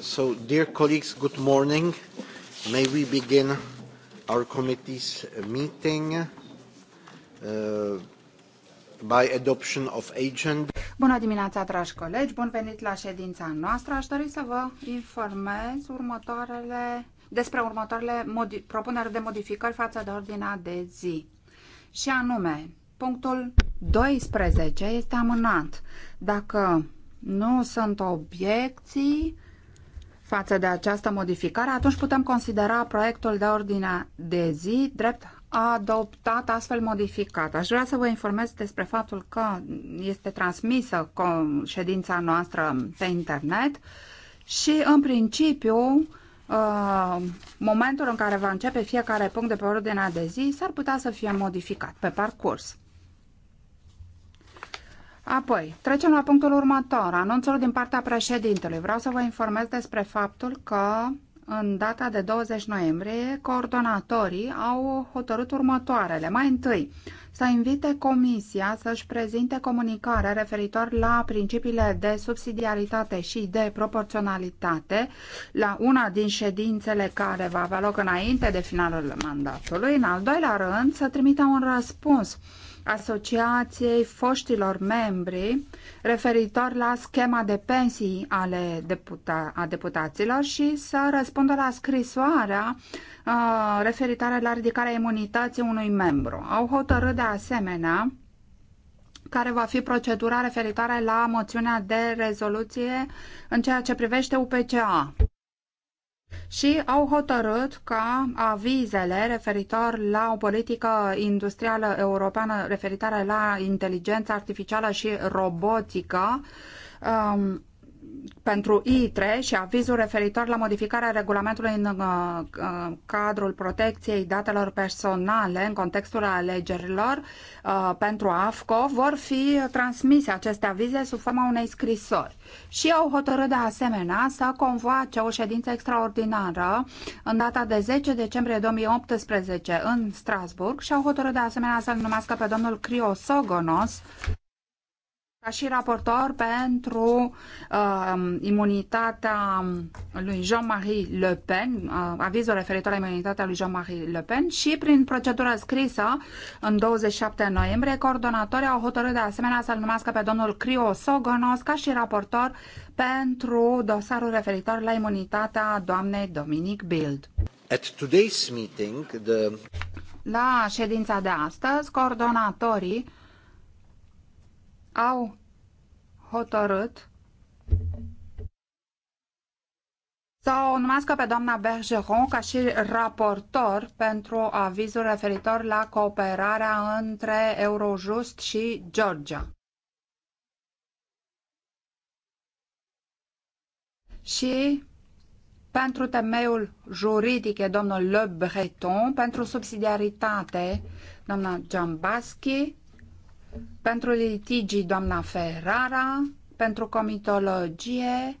So, dear colleagues, good morning. May we begin our committee's meeting uh, by adoption of agenda. Bună dimineața, dragi colegi! Bun venit la ședința noastră. Aș dori să vă informez următoarele, despre următoarele modi, propuneri de modificări față de ordinea de zi. Și anume, punctul 12 este amânat. Dacă nu sunt obiecții, față de această modificare, atunci putem considera proiectul de ordine de zi drept adoptat astfel modificat. Aș vrea să vă informez despre faptul că este transmisă ședința noastră pe internet și, în principiu, uh, momentul în care va începe fiecare punct de pe ordinea de zi s-ar putea să fie modificat pe parcurs. Apoi, trecem la punctul următor, anunțul din partea președintelui. Vreau să vă informez despre faptul că în data de 20 noiembrie, coordonatorii au hotărât următoarele. Mai întâi, să invite Comisia să-și prezinte comunicarea referitor la principiile de subsidiaritate și de proporționalitate la una din ședințele care va avea loc înainte de finalul mandatului. În al doilea rând, să trimită un răspuns Asociației foștilor membri referitor la schema de pensii ale deputa- a deputaților și să răspundă la scrisoarea uh, referitoare la ridicarea imunității unui membru. Au hotărât de asemenea care va fi procedura referitoare la moțiunea de rezoluție în ceea ce privește UPCA și au hotărât ca avizele referitor la o politică industrială europeană referitoare la inteligența artificială și robotică um, pentru ITRE și avizul referitor la modificarea regulamentului în uh, uh, cadrul protecției datelor personale în contextul alegerilor uh, pentru AFCO vor fi transmise aceste avize sub forma unei scrisori. Și au hotărât de asemenea să convoace o ședință extraordinară în data de 10 decembrie 2018 în Strasburg și au hotărât de asemenea să-l numească pe domnul Sogonos ca și raportor pentru uh, imunitatea lui Jean-Marie Le Pen, uh, avizul referitor la imunitatea lui Jean-Marie Le Pen și prin procedura scrisă în 27 noiembrie, coordonatorii au hotărât de asemenea să-l numească pe domnul Crio Sogonos ca și raportor pentru dosarul referitor la imunitatea doamnei Dominic Bild. At today's meeting, the... La ședința de astăzi, coordonatorii au hotărât să o numească pe doamna Bergeron ca și raportor pentru avizul referitor la cooperarea între Eurojust și Georgia. Și pentru temeiul juridic e domnul Le Breton, pentru subsidiaritate doamna Giambaschi, pentru litigii, doamna Ferrara. Pentru comitologie,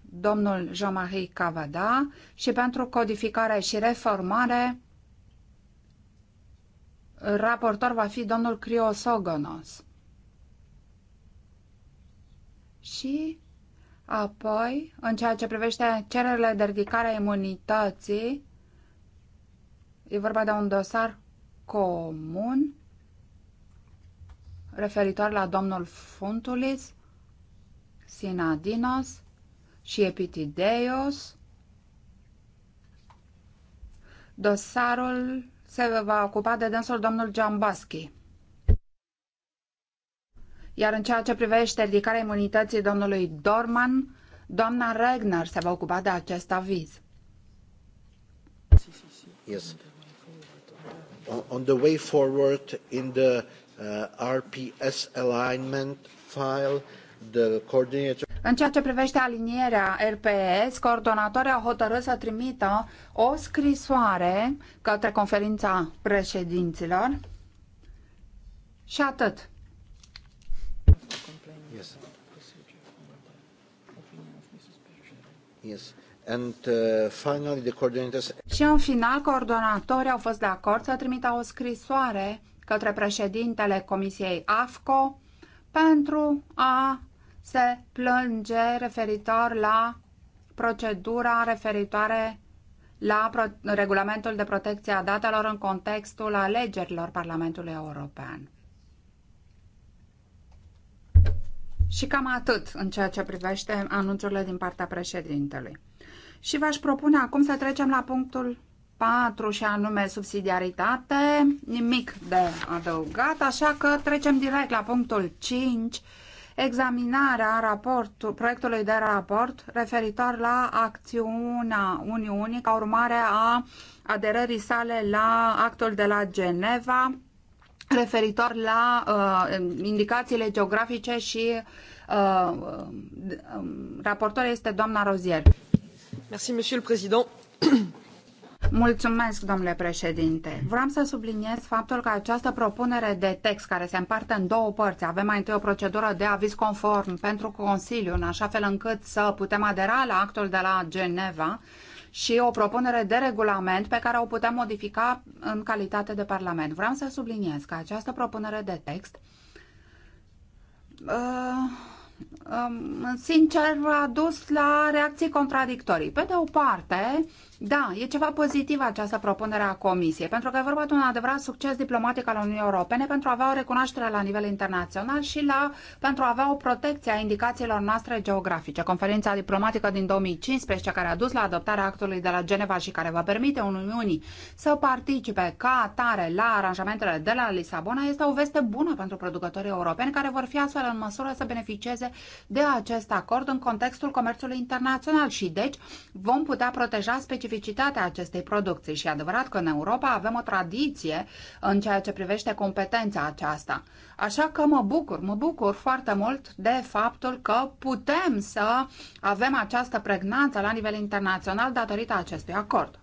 domnul Jean-Marie Cavada. Și pentru codificare și reformare, raportor va fi domnul Criosogonos. Și apoi, în ceea ce privește cererile de ridicare a imunității, e vorba de un dosar comun referitoare la domnul Funtulis, Sinadinos și Epitideios. Dosarul se va ocupa de dânsul domnul Giambaschi. Iar în ceea ce privește ridicarea imunității domnului Dorman, doamna Regner se va ocupa de acest aviz. Yes. on the way forward in the Uh, RPS alignment file, the coordinator în ceea ce privește alinierea RPS, coordonatorii au hotărât să trimită o scrisoare către conferința președinților și atât. Yes. Yes. And, uh, finally, the coordinators... Și în final, coordonatorii au fost de acord să trimită o scrisoare către președintele Comisiei AFCO pentru a se plânge referitor la procedura referitoare la regulamentul de protecție a datelor în contextul alegerilor Parlamentului European. Și cam atât în ceea ce privește anunțurile din partea președintelui. Și v-aș propune acum să trecem la punctul 4 și anume subsidiaritate, nimic de adăugat, așa că trecem direct la punctul 5, examinarea raportul, proiectului de raport referitor la acțiunea Uniunii ca urmare a aderării sale la actul de la Geneva referitor la uh, indicațiile geografice și uh, raportoarea este doamna Rozier. Mulțumesc, monsieur le président. Mulțumesc, domnule președinte. Vreau să subliniez faptul că această propunere de text care se împarte în două părți, avem mai întâi o procedură de aviz conform pentru Consiliu, în așa fel încât să putem adera la actul de la Geneva și o propunere de regulament pe care o putem modifica în calitate de Parlament. Vreau să subliniez că această propunere de text uh, Um, sincer, a dus la reacții contradictorii. Pe de o parte, da, e ceva pozitiv această propunere a Comisiei, pentru că e vorba de un adevărat succes diplomatic al Uniunii Europene pentru a avea o recunoaștere la nivel internațional și la, pentru a avea o protecție a indicațiilor noastre geografice. Conferința diplomatică din 2015, care a dus la adoptarea actului de la Geneva și care va permite Uniunii să participe ca atare la aranjamentele de la Lisabona, este o veste bună pentru producătorii europeni care vor fi astfel în măsură să beneficieze beneficieze de acest acord în contextul comerțului internațional și deci vom putea proteja specificitatea acestei producții și adevărat că în Europa avem o tradiție în ceea ce privește competența aceasta. Așa că mă bucur, mă bucur foarte mult de faptul că putem să avem această pregnanță la nivel internațional datorită acestui acord.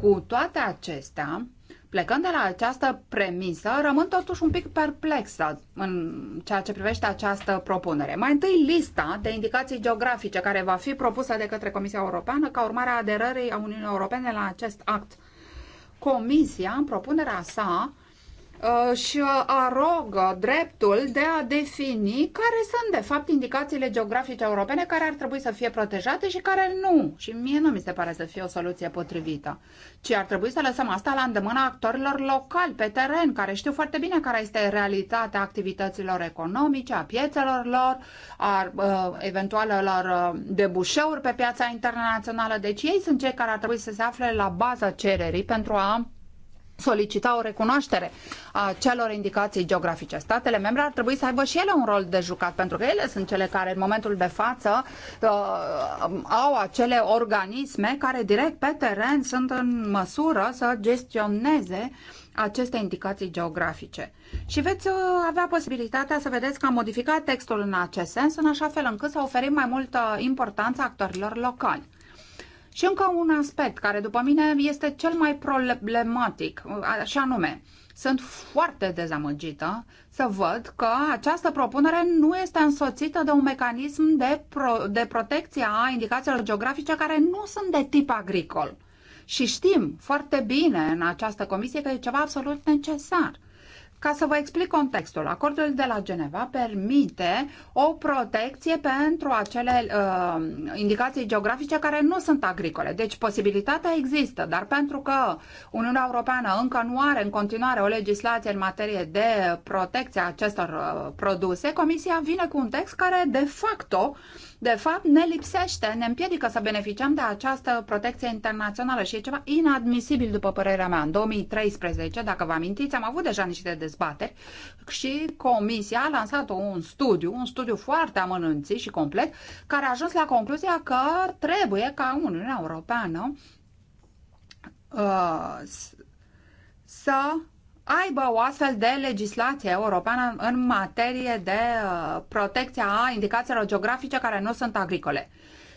Cu toate acestea, Plecând de la această premisă, rămân totuși un pic perplexă în ceea ce privește această propunere. Mai întâi, lista de indicații geografice care va fi propusă de către Comisia Europeană ca urmare a aderării a Uniunii Europene la acest act. Comisia, în propunerea sa, Uh, și uh, arogă uh, dreptul de a defini care sunt, de fapt, indicațiile geografice europene care ar trebui să fie protejate și care nu. Și mie nu mi se pare să fie o soluție potrivită, ci ar trebui să lăsăm asta la îndemâna actorilor locali, pe teren, care știu foarte bine care este realitatea activităților economice, a piețelor lor, a eventualelor debușeuri pe piața internațională. Deci ei sunt cei care ar trebui să se afle la baza cererii pentru a solicita o recunoaștere a celor indicații geografice. Statele membre ar trebui să aibă și ele un rol de jucat, pentru că ele sunt cele care în momentul de față uh, au acele organisme care direct pe teren sunt în măsură să gestioneze aceste indicații geografice. Și veți uh, avea posibilitatea să vedeți că am modificat textul în acest sens, în așa fel încât să oferim mai multă importanță actorilor locali. Și încă un aspect care, după mine, este cel mai problematic, și anume, sunt foarte dezamăgită să văd că această propunere nu este însoțită de un mecanism de, pro, de protecție a indicațiilor geografice care nu sunt de tip agricol. Și știm foarte bine în această comisie că e ceva absolut necesar. Ca să vă explic contextul, acordul de la Geneva permite o protecție pentru acele uh, indicații geografice care nu sunt agricole. Deci posibilitatea există, dar pentru că Uniunea Europeană încă nu are în continuare o legislație în materie de protecție a acestor uh, produse, Comisia vine cu un text care de facto uh, de fapt ne lipsește, ne împiedică să beneficiem de această protecție internațională și e ceva inadmisibil după părerea mea. În 2013, dacă vă amintiți, am avut deja niște dezbateri și Comisia a lansat un studiu, un studiu foarte amănânțit și complet, care a ajuns la concluzia că trebuie ca Uniunea Europeană uh, să aibă o astfel de legislație europeană în materie de uh, protecția a indicațiilor geografice care nu sunt agricole.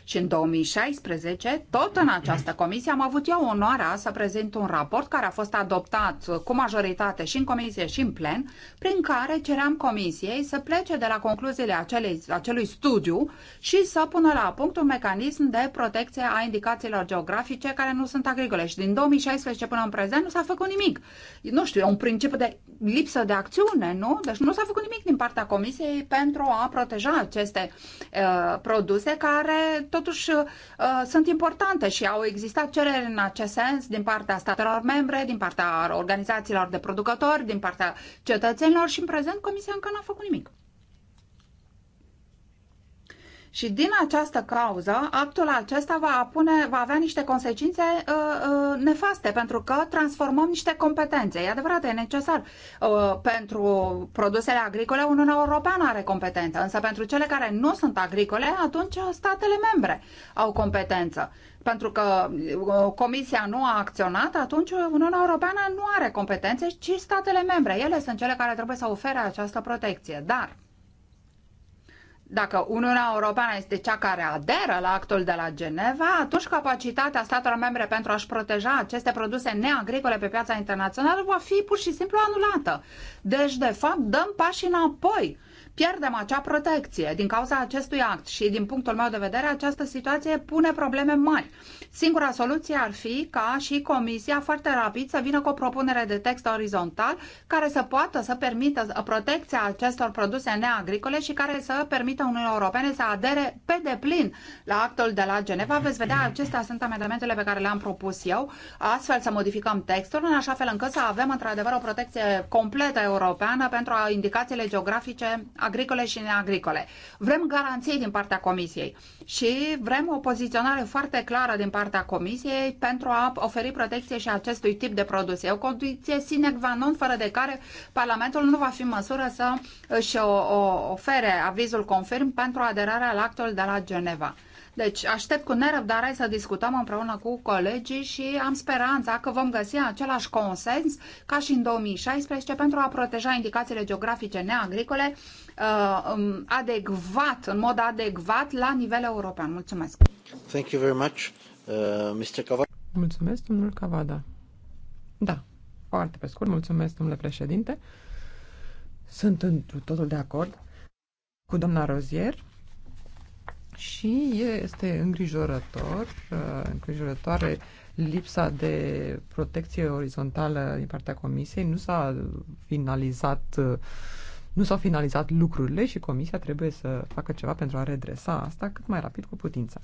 Și în 2016, tot în această comisie, am avut eu onoarea să prezint un raport care a fost adoptat cu majoritate și în comisie și în plen, prin care ceream comisiei să plece de la concluziile acelei, acelui studiu și să pună la punct un mecanism de protecție a indicațiilor geografice care nu sunt agricole. Și din 2016 până în prezent nu s-a făcut nimic. Nu știu, e un principiu de lipsă de acțiune, nu? Deci nu s-a făcut nimic din partea comisiei pentru a proteja aceste uh, produse care tot totuși uh, sunt importante și au existat cereri în acest sens din partea statelor membre, din partea organizațiilor de producători, din partea cetățenilor și în prezent Comisia încă n-a făcut nimic. Și din această cauză, actul acesta va, pune, va avea niște consecințe uh, uh, nefaste, pentru că transformăm niște competențe. E adevărat, e necesar. Uh, pentru produsele agricole, Uniunea Europeană are competență, însă pentru cele care nu sunt agricole, atunci statele membre au competență. Pentru că uh, Comisia nu a acționat, atunci Uniunea Europeană nu are competențe, ci statele membre. Ele sunt cele care trebuie să ofere această protecție. Dar dacă Uniunea Europeană este cea care aderă la actul de la Geneva, atunci capacitatea statelor membre pentru a-și proteja aceste produse neagricole pe piața internațională va fi pur și simplu anulată. Deci, de fapt, dăm pași înapoi pierdem acea protecție din cauza acestui act și din punctul meu de vedere această situație pune probleme mari. Singura soluție ar fi ca și Comisia foarte rapid să vină cu o propunere de text orizontal care să poată să permită protecția acestor produse neagricole și care să permită unui Europene să adere pe deplin la actul de la Geneva. Veți vedea, acestea sunt amendamentele pe care le-am propus eu, astfel să modificăm textul în așa fel încât să avem într-adevăr o protecție completă europeană pentru indicațiile geografice agricole și neagricole. Vrem garanții din partea Comisiei și vrem o poziționare foarte clară din partea partea Comisiei pentru a oferi protecție și acestui tip de produse. E o condiție sine qua non, fără de care Parlamentul nu va fi în măsură să își ofere avizul confirm pentru aderarea la actul de la Geneva. Deci aștept cu nerăbdare să discutăm împreună cu colegii și am speranța că vom găsi același consens ca și în 2016 pentru a proteja indicațiile geografice neagricole uh, um, adecvat, în mod adecvat la nivel european. Mulțumesc! Thank you very much. Uh, Mr. Cavada. Mulțumesc, domnul Cavada. Da, foarte pe scurt, mulțumesc, domnule președinte. Sunt întru totul de acord cu doamna Rozier și este îngrijorător, uh, îngrijorătoare lipsa de protecție orizontală din partea comisiei. Nu s-a finalizat uh, nu s-au finalizat lucrurile și comisia trebuie să facă ceva pentru a redresa asta cât mai rapid cu putință.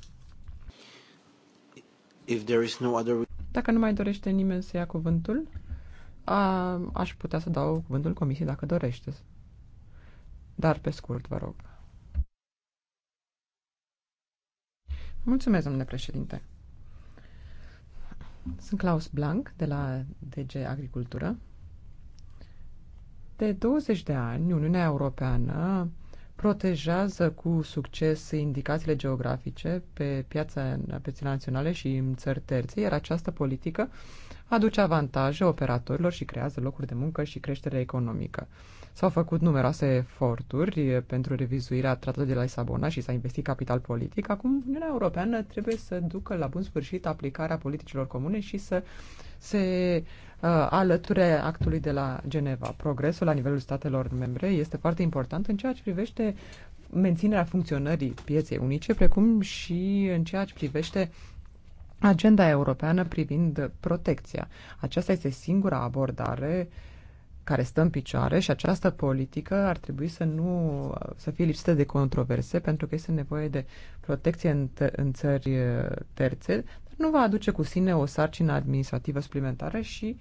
If there is no other... Dacă nu mai dorește nimeni să ia cuvântul, a, aș putea să dau cuvântul comisiei dacă dorește. Dar pe scurt, vă rog. Mulțumesc, domnule președinte. Sunt Claus Blanc, de la DG Agricultură. De 20 de ani, Uniunea Europeană protejează cu succes indicațiile geografice pe piața piețe naționale și în țări terțe, iar această politică aduce avantaje operatorilor și creează locuri de muncă și creștere economică. S-au făcut numeroase eforturi pentru revizuirea tratatului de la Lisabona și s-a investit capital politic. Acum Uniunea Europeană trebuie să ducă la bun sfârșit aplicarea politicilor comune și să se Uh, alăture actului de la Geneva. Progresul la nivelul statelor membre este foarte important în ceea ce privește menținerea funcționării pieței unice, precum și în ceea ce privește agenda europeană privind protecția. Aceasta este singura abordare care stă în picioare și această politică ar trebui să nu să fie lipsită de controverse pentru că este nevoie de protecție în, t- în țări uh, terțe, nu va aduce cu sine o sarcină administrativă suplimentară și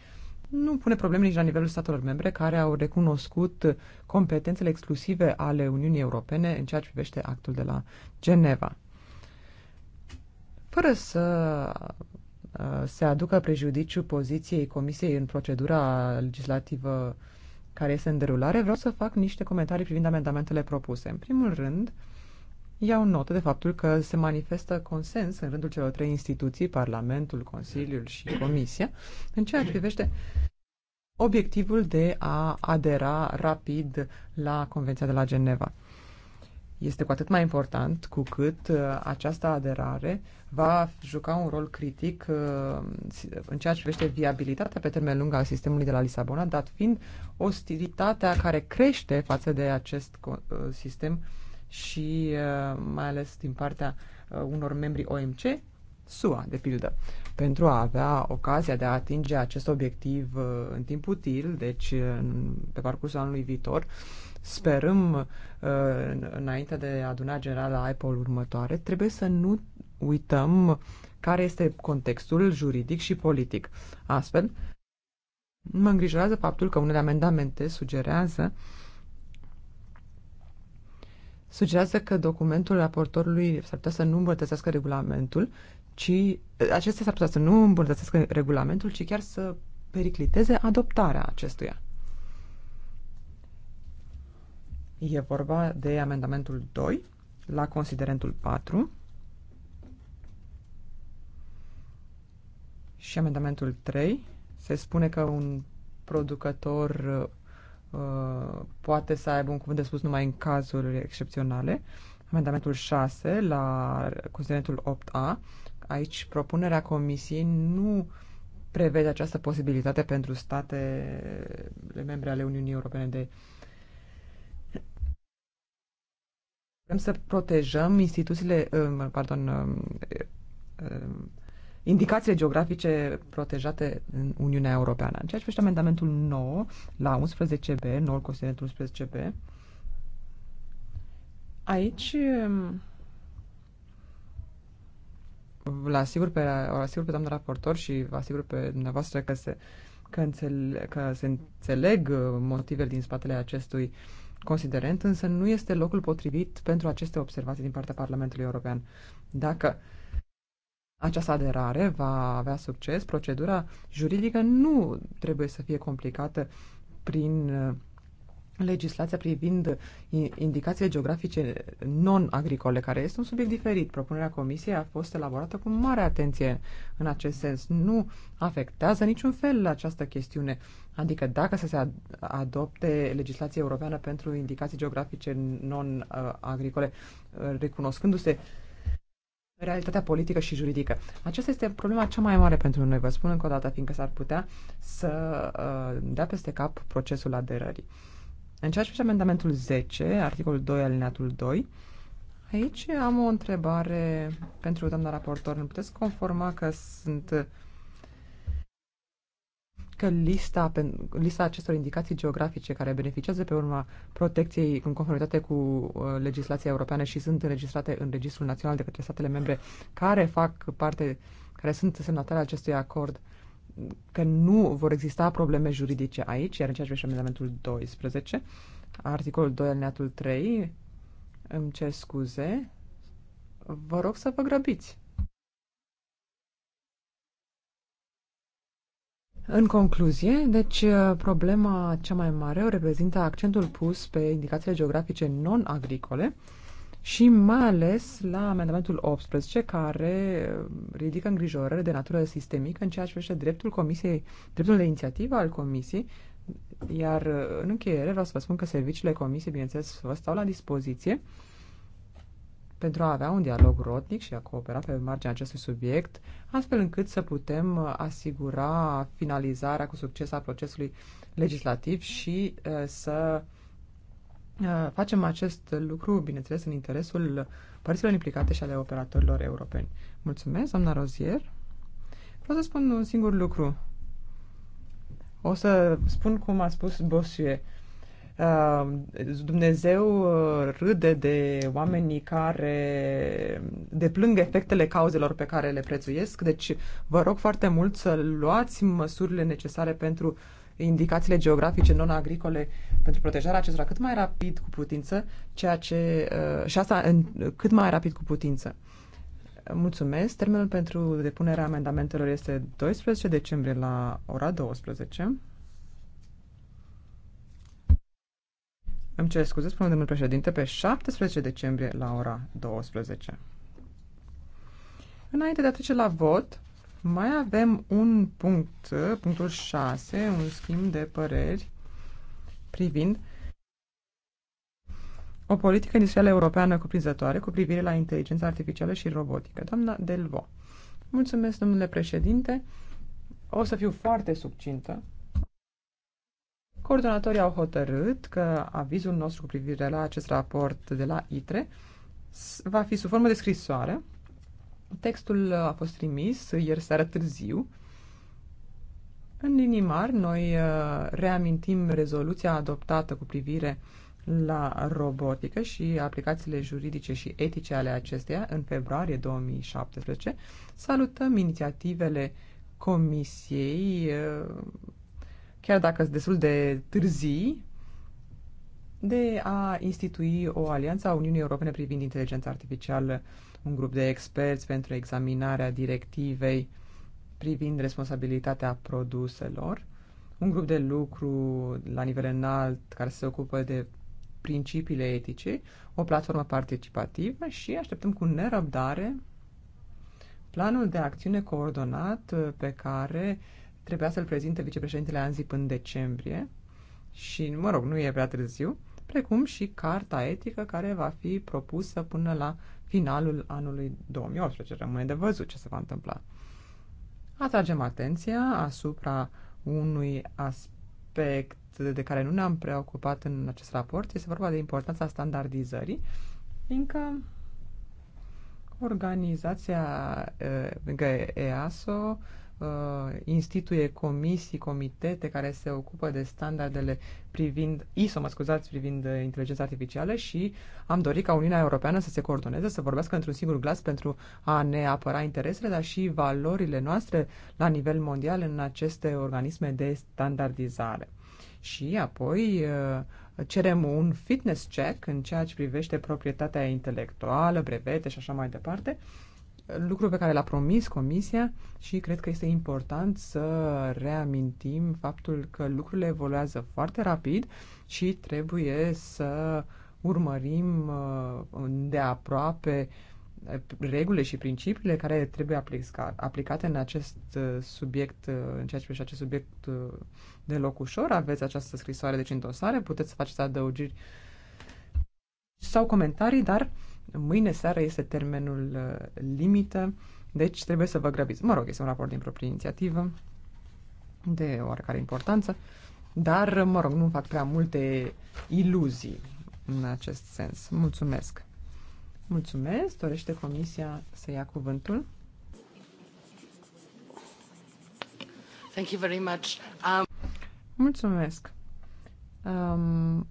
nu pune probleme nici la nivelul statelor membre care au recunoscut competențele exclusive ale Uniunii Europene în ceea ce privește actul de la Geneva. Fără să uh, se aducă prejudiciu poziției Comisiei în procedura legislativă care este în derulare, vreau să fac niște comentarii privind amendamentele propuse. În primul rând, Iau notă de faptul că se manifestă consens în rândul celor trei instituții, Parlamentul, Consiliul și Comisia, în ceea ce privește obiectivul de a adera rapid la Convenția de la Geneva. Este cu atât mai important cu cât uh, această aderare va juca un rol critic uh, în ceea ce privește viabilitatea pe termen lung al sistemului de la Lisabona, dat fiind ostilitatea care crește față de acest uh, sistem uh, și uh, mai ales din partea uh, unor membri OMC, SUA, de pildă, pentru a avea ocazia de a atinge acest obiectiv uh, în timp util, deci pe parcursul anului viitor, sperăm înainte de adunarea generală a următoare, trebuie să nu uităm care este contextul juridic și politic. Astfel, mă îngrijorează faptul că unele amendamente sugerează uh, sugerează că documentul raportorului s-ar putea să nu îmbunătățească regulamentul, ci acestea s-ar putea să nu îmbunătățească regulamentul, ci chiar să pericliteze adoptarea acestuia. E vorba de amendamentul 2 la considerentul 4 și amendamentul 3 se spune că un producător Uh, poate să aibă un cuvânt de spus numai în cazuri excepționale. Amendamentul 6 la considerentul 8a. Aici propunerea comisiei nu prevede această posibilitate pentru statele membre ale Uniunii Europene de Vrem să protejăm instituțiile, uh, pardon, uh, indicațiile geografice protejate în Uniunea Europeană. În ceea ce privește amendamentul 9 la 11b, noul considerent 11b, aici la um, asigur pe, la asigur pe doamna raportor și vă asigur pe dumneavoastră că se, că, înțele, că se înțeleg uh, motivele din spatele acestui considerent, însă nu este locul potrivit pentru aceste observații din partea Parlamentului European. Dacă uh, această aderare va avea succes. Procedura juridică nu trebuie să fie complicată prin uh, legislația privind uh, indicațiile geografice non-agricole, care este un subiect diferit. Propunerea Comisiei a fost elaborată cu mare atenție în acest sens. Nu afectează niciun fel această chestiune. Adică dacă să se adopte legislația europeană pentru indicații geografice non-agricole, uh, recunoscându-se uh, realitatea politică și juridică. Aceasta este problema cea mai mare pentru noi, vă spun încă o dată, fiindcă s-ar putea să uh, dea peste cap procesul aderării. În ceea ce privește amendamentul 10, articolul 2, alineatul 2, aici am o întrebare pentru doamna raportor. Nu puteți conforma că sunt că lista, lista acestor indicații geografice care beneficiază pe urma protecției în conformitate cu uh, legislația europeană și sunt înregistrate în Registrul Național de către statele membre care fac parte, care sunt semnatare acestui acord, că nu vor exista probleme juridice aici, iar în ceea ce privește amendamentul 12, articolul 2 al 3, îmi cer scuze, vă rog să vă grăbiți. În concluzie, deci uh, problema cea mai mare o reprezintă accentul pus pe indicațiile geografice non-agricole și mai ales la amendamentul 18 care uh, ridică îngrijorări de natură sistemică în ceea ce privește dreptul comisiei, dreptul de inițiativă al comisiei iar uh, în încheiere vreau să vă spun că serviciile comisiei, bineînțeles, vă stau la dispoziție pentru a avea un dialog rotnic și a coopera pe marginea acestui subiect, astfel încât să putem uh, asigura finalizarea cu succes a procesului legislativ și uh, să uh, facem acest lucru, bineînțeles, în interesul părților implicate și ale operatorilor europeni. Mulțumesc, doamna Rozier. Vreau să spun un singur lucru. O să spun cum a spus Bossuet. Uh, Dumnezeu uh, râde de oamenii care deplâng efectele cauzelor pe care le prețuiesc, deci vă rog foarte mult să luați măsurile necesare pentru indicațiile geografice non-agricole pentru protejarea acestora cât mai rapid cu putință, ceea ce, uh, și asta în, cât mai rapid cu putință. Mulțumesc. Termenul pentru depunerea amendamentelor este 12 decembrie la ora 12. Îmi cer scuze, spune domnul președinte, pe 17 decembrie la ora 12. Înainte de a trece la vot, mai avem un punct, punctul 6, un schimb de păreri privind o politică industrială europeană cuprinzătoare cu privire la inteligența artificială și robotică. Doamna Delvo. Mulțumesc, domnule președinte. O să fiu foarte subcintă. Coordonatorii au hotărât că avizul nostru cu privire la acest raport de la ITRE va fi sub formă de scrisoare. Textul a fost trimis ieri seara târziu. În linii mari, noi uh, reamintim rezoluția adoptată cu privire la robotică și aplicațiile juridice și etice ale acesteia în februarie 2017. Salutăm inițiativele Comisiei uh, chiar dacă sunt destul de târzii, de a institui o alianță a Uniunii Europene privind inteligența artificială, un grup de experți pentru examinarea directivei privind responsabilitatea produselor, un grup de lucru la nivel înalt care se ocupă de principiile etice, o platformă participativă și așteptăm cu nerăbdare planul de acțiune coordonat pe care uh, Trebuia să-l prezinte vicepreședintele ANZIP în decembrie și, mă rog, nu e prea târziu, precum și carta etică care va fi propusă până la finalul anului 2018. Rămâne de văzut ce se va întâmpla. Atragem atenția asupra unui aspect de care nu ne-am preocupat în acest raport. Este vorba de importanța standardizării, fiindcă organizația, eh, fiindcă EASO, uh, instituie comisii, comitete care se ocupă de standardele privind, ISO, mă scuzați, privind uh, inteligența artificială și am dorit ca Uniunea Europeană să se coordoneze, să vorbească într-un singur glas pentru a ne apăra interesele, dar și valorile noastre la nivel mondial în aceste organisme de standardizare. Și apoi uh, cerem un fitness check în ceea ce privește proprietatea intelectuală, brevete și așa mai departe, lucru pe care l-a promis Comisia și cred că este important să reamintim faptul că lucrurile evoluează foarte rapid și trebuie să urmărim uh, de aproape uh, regulile și principiile care trebuie aplicate în acest uh, subiect, în ceea ce privește acest subiect loc ușor. Aveți această scrisoare de deci în dosare, puteți să faceți adăugiri sau comentarii, dar uh, Mâine seară este termenul uh, limită, deci trebuie să vă grăbiți. Mă rog, este un raport din proprie inițiativă, de oarecare importanță, dar, mă rog, nu fac prea multe iluzii în acest sens. Mulțumesc! Mulțumesc! Dorește Comisia să ia cuvântul? Thank you very much. Um... Mulțumesc! Um,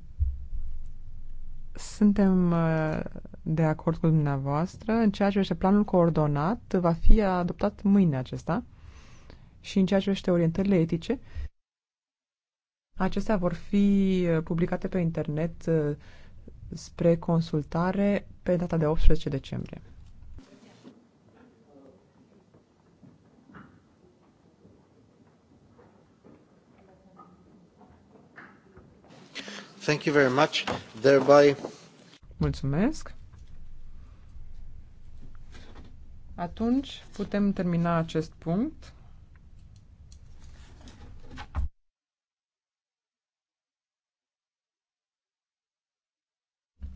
suntem uh, de acord cu dumneavoastră în ceea ce este planul coordonat, va fi adoptat mâine acesta și în ceea ce este orientările etice. Acestea vor fi uh, publicate pe internet uh, spre consultare pe data de 18 decembrie. Thank you very much. Thereby... Mulțumesc. Atunci putem termina acest punct.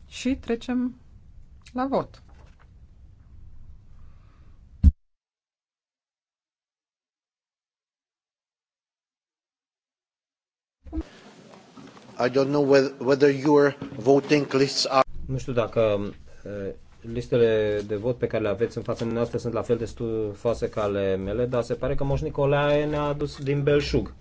Și trecem la vot. I don't know whether your voting lists are... Nu știu dacă uh, listele de vot pe care le aveți în fața noastră sunt la fel de stufoase ca ale mele, dar se pare că Moș Nicolae ne-a adus din belșug.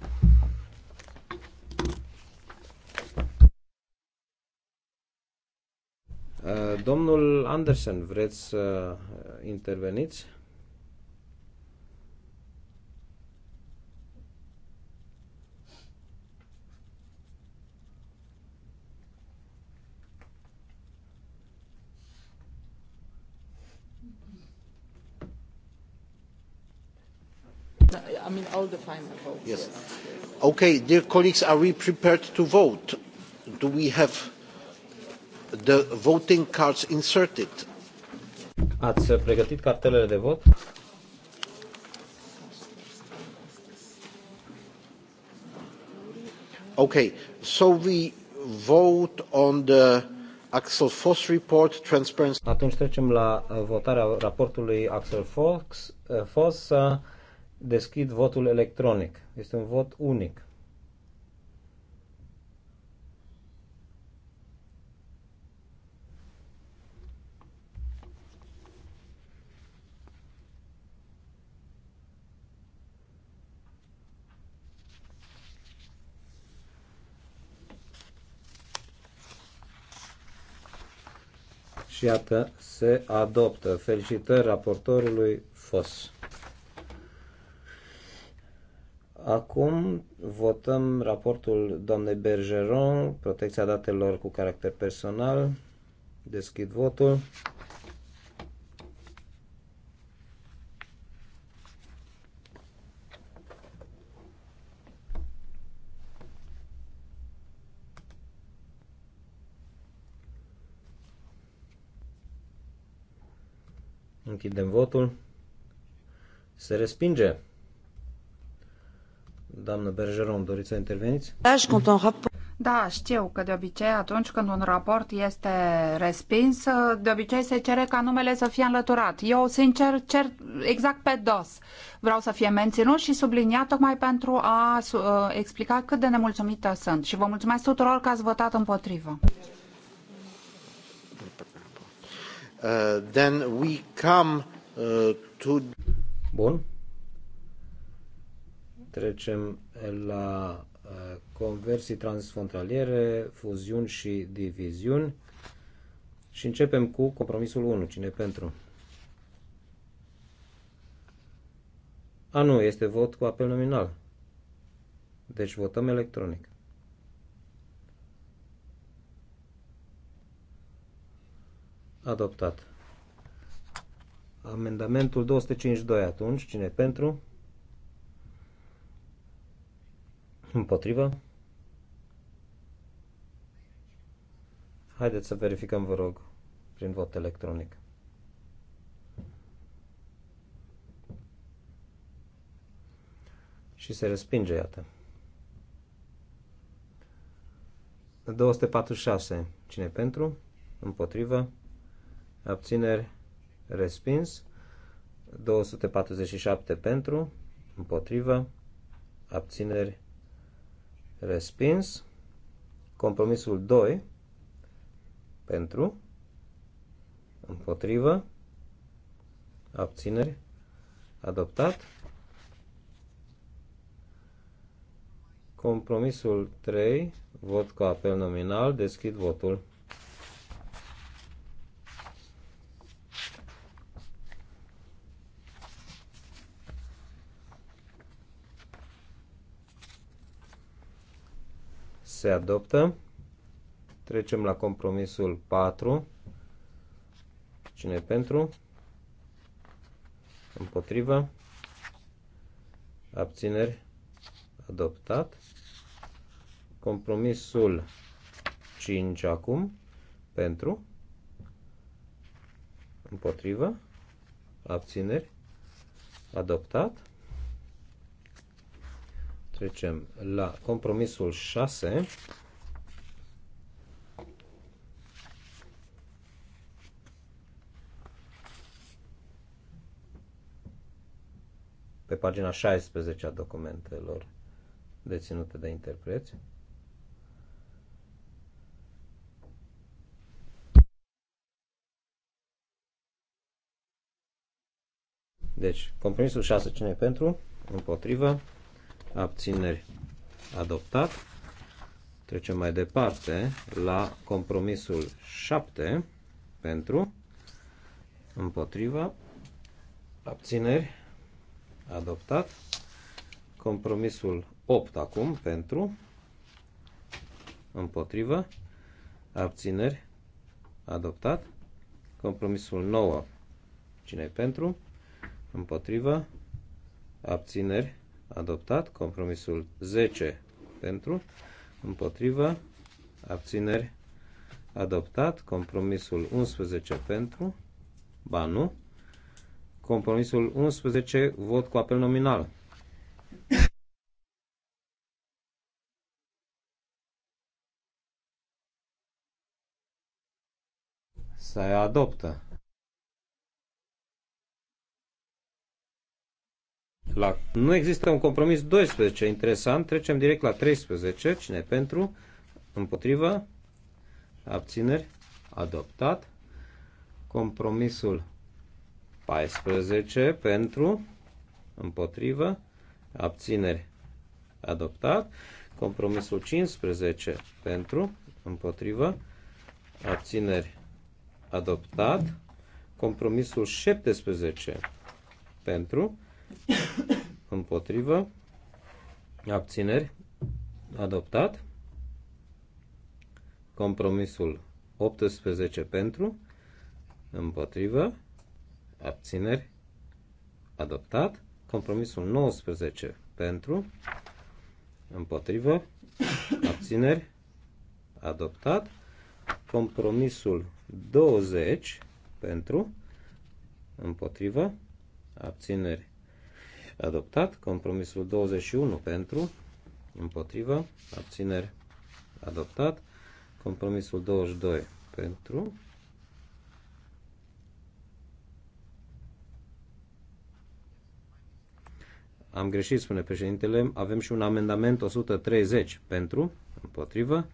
Uh, domnul Anderson, vreți să interveniți? I mean all the final votes. Yes. Okay, dear colleagues, are we prepared to vote? Do we have the voting cards inserted? Ați pregătit cartelele de vot? Okay, so we vote on the Axel Foss report transparency. Atunci trecem la votarea raportului Axel Fox, Foss Deschid votul electronic. Este un vot unic. și iată se adoptă. Felicitări raportorului FOS. Acum votăm raportul doamnei Bergeron, protecția datelor cu caracter personal. Deschid votul. Închidem votul. Se respinge. Doamnă Bergeron, doriți să interveniți? Da, da, știu că de obicei atunci când un raport este respins, de obicei se cere ca numele să fie înlăturat. Eu, sincer, cer exact pe dos. Vreau să fie menținut și subliniat tocmai pentru a uh, explica cât de nemulțumită sunt. Și vă mulțumesc tuturor că ați votat împotrivă. Uh, then we come uh, to... Bun. Trecem la uh, conversii transfrontaliere, fuziuni și diviziuni. Și începem cu compromisul 1. Cine pentru? A, nu, este vot cu apel nominal. Deci votăm electronic. Adoptat. Amendamentul 252 atunci. Cine pentru? Împotrivă? Haideți să verificăm, vă rog, prin vot electronic. Și se respinge, iată. 246. Cine pentru? Împotrivă? Abțineri? Respins. 247 pentru? Împotrivă? Abțineri? respins. Compromisul 2 pentru, împotrivă, abțineri, adoptat. Compromisul 3, vot cu apel nominal, deschid votul. se adoptă. Trecem la compromisul 4. Cine pentru? Împotrivă. Abțineri. Adoptat. Compromisul 5 acum. Pentru. Împotrivă. Abțineri. Adoptat. Trecem la compromisul 6. pe pagina 16 a documentelor deținute de interpreți. Deci, compromisul 6, cine e pentru? Împotrivă abțineri adoptat. Trecem mai departe la compromisul 7 pentru împotriva abțineri adoptat. Compromisul 8 acum pentru împotriva abțineri adoptat. Compromisul 9 cine pentru împotriva abțineri adoptat. Compromisul 10 pentru, împotrivă, abțineri, adoptat. Compromisul 11 pentru, ba nu. Compromisul 11, vot cu apel nominal. să adoptă. La, nu există un compromis 12, interesant, trecem direct la 13, cine pentru, împotrivă, abțineri, adoptat. Compromisul 14 pentru, împotrivă, abțineri, adoptat. Compromisul 15 pentru, împotrivă, abțineri, adoptat. Compromisul 17 pentru, împotrivă, abțineri, adoptat, compromisul 18 pentru, împotrivă, abțineri, adoptat, compromisul 19 pentru, împotrivă, abțineri, adoptat, compromisul 20 pentru, împotrivă, abțineri, adoptat. Compromisul 21 pentru, împotrivă, abțineri, adoptat. Compromisul 22 pentru, Am greșit, spune președintele. Avem și un amendament 130 pentru, împotrivă,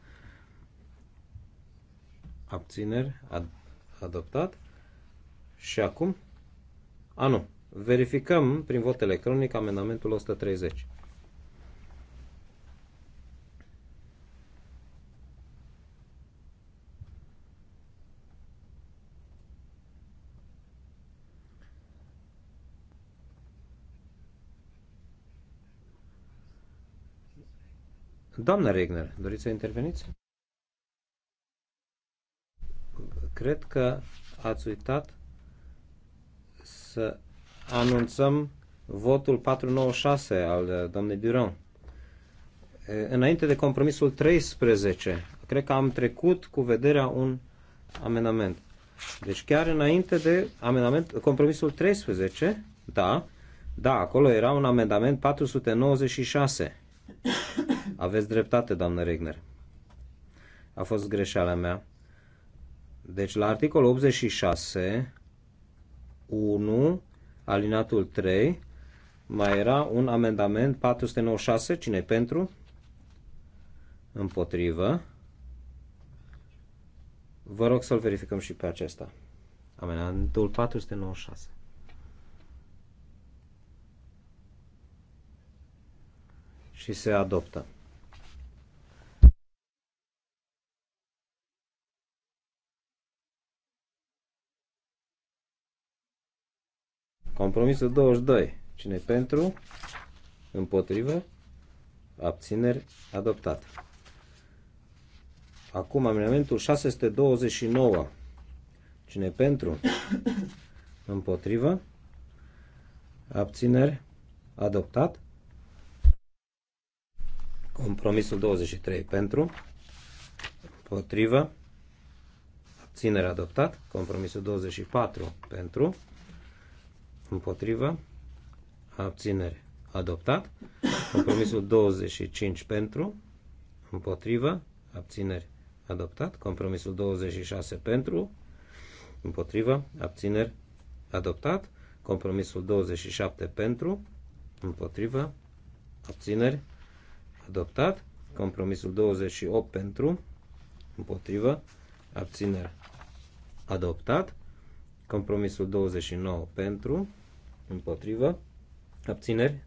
abțineri, ad, adoptat. Și acum, a nu, Verificăm prin vot electronic amendamentul 130. Doamna Regner, doriți să interveniți? Cred că ați uitat să anunțăm votul 496 al uh, doamnei Biron. Înainte de compromisul 13, cred că am trecut cu vederea un amendament. Deci chiar înainte de amendament, compromisul 13, da, da, acolo era un amendament 496. Aveți dreptate, doamnă Regner. A fost greșeala mea. Deci la articolul 86, 1, alinatul 3, mai era un amendament 496, cine pentru? Împotrivă. Vă rog să-l verificăm și pe acesta. Amendamentul 496. Și se adoptă. Compromisul 22. Cine pentru? Împotrivă? Abțineri? Adoptat. Acum amendamentul 629. Cine pentru? Împotrivă? Abțineri? Adoptat. Compromisul 23 pentru. Împotrivă. Abținere adoptat. Compromisul 24 pentru împotrivă, abținere, adoptat. Compromisul 25 pentru, împotrivă, abțineri, adoptat. Compromisul 26 pentru, împotrivă, abțineri, adoptat. Compromisul 27 pentru, împotrivă, abțineri, adoptat. Compromisul 28 pentru, împotrivă, abțineri, adoptat. Compromisul 29 pentru, împotrivă, abțineri,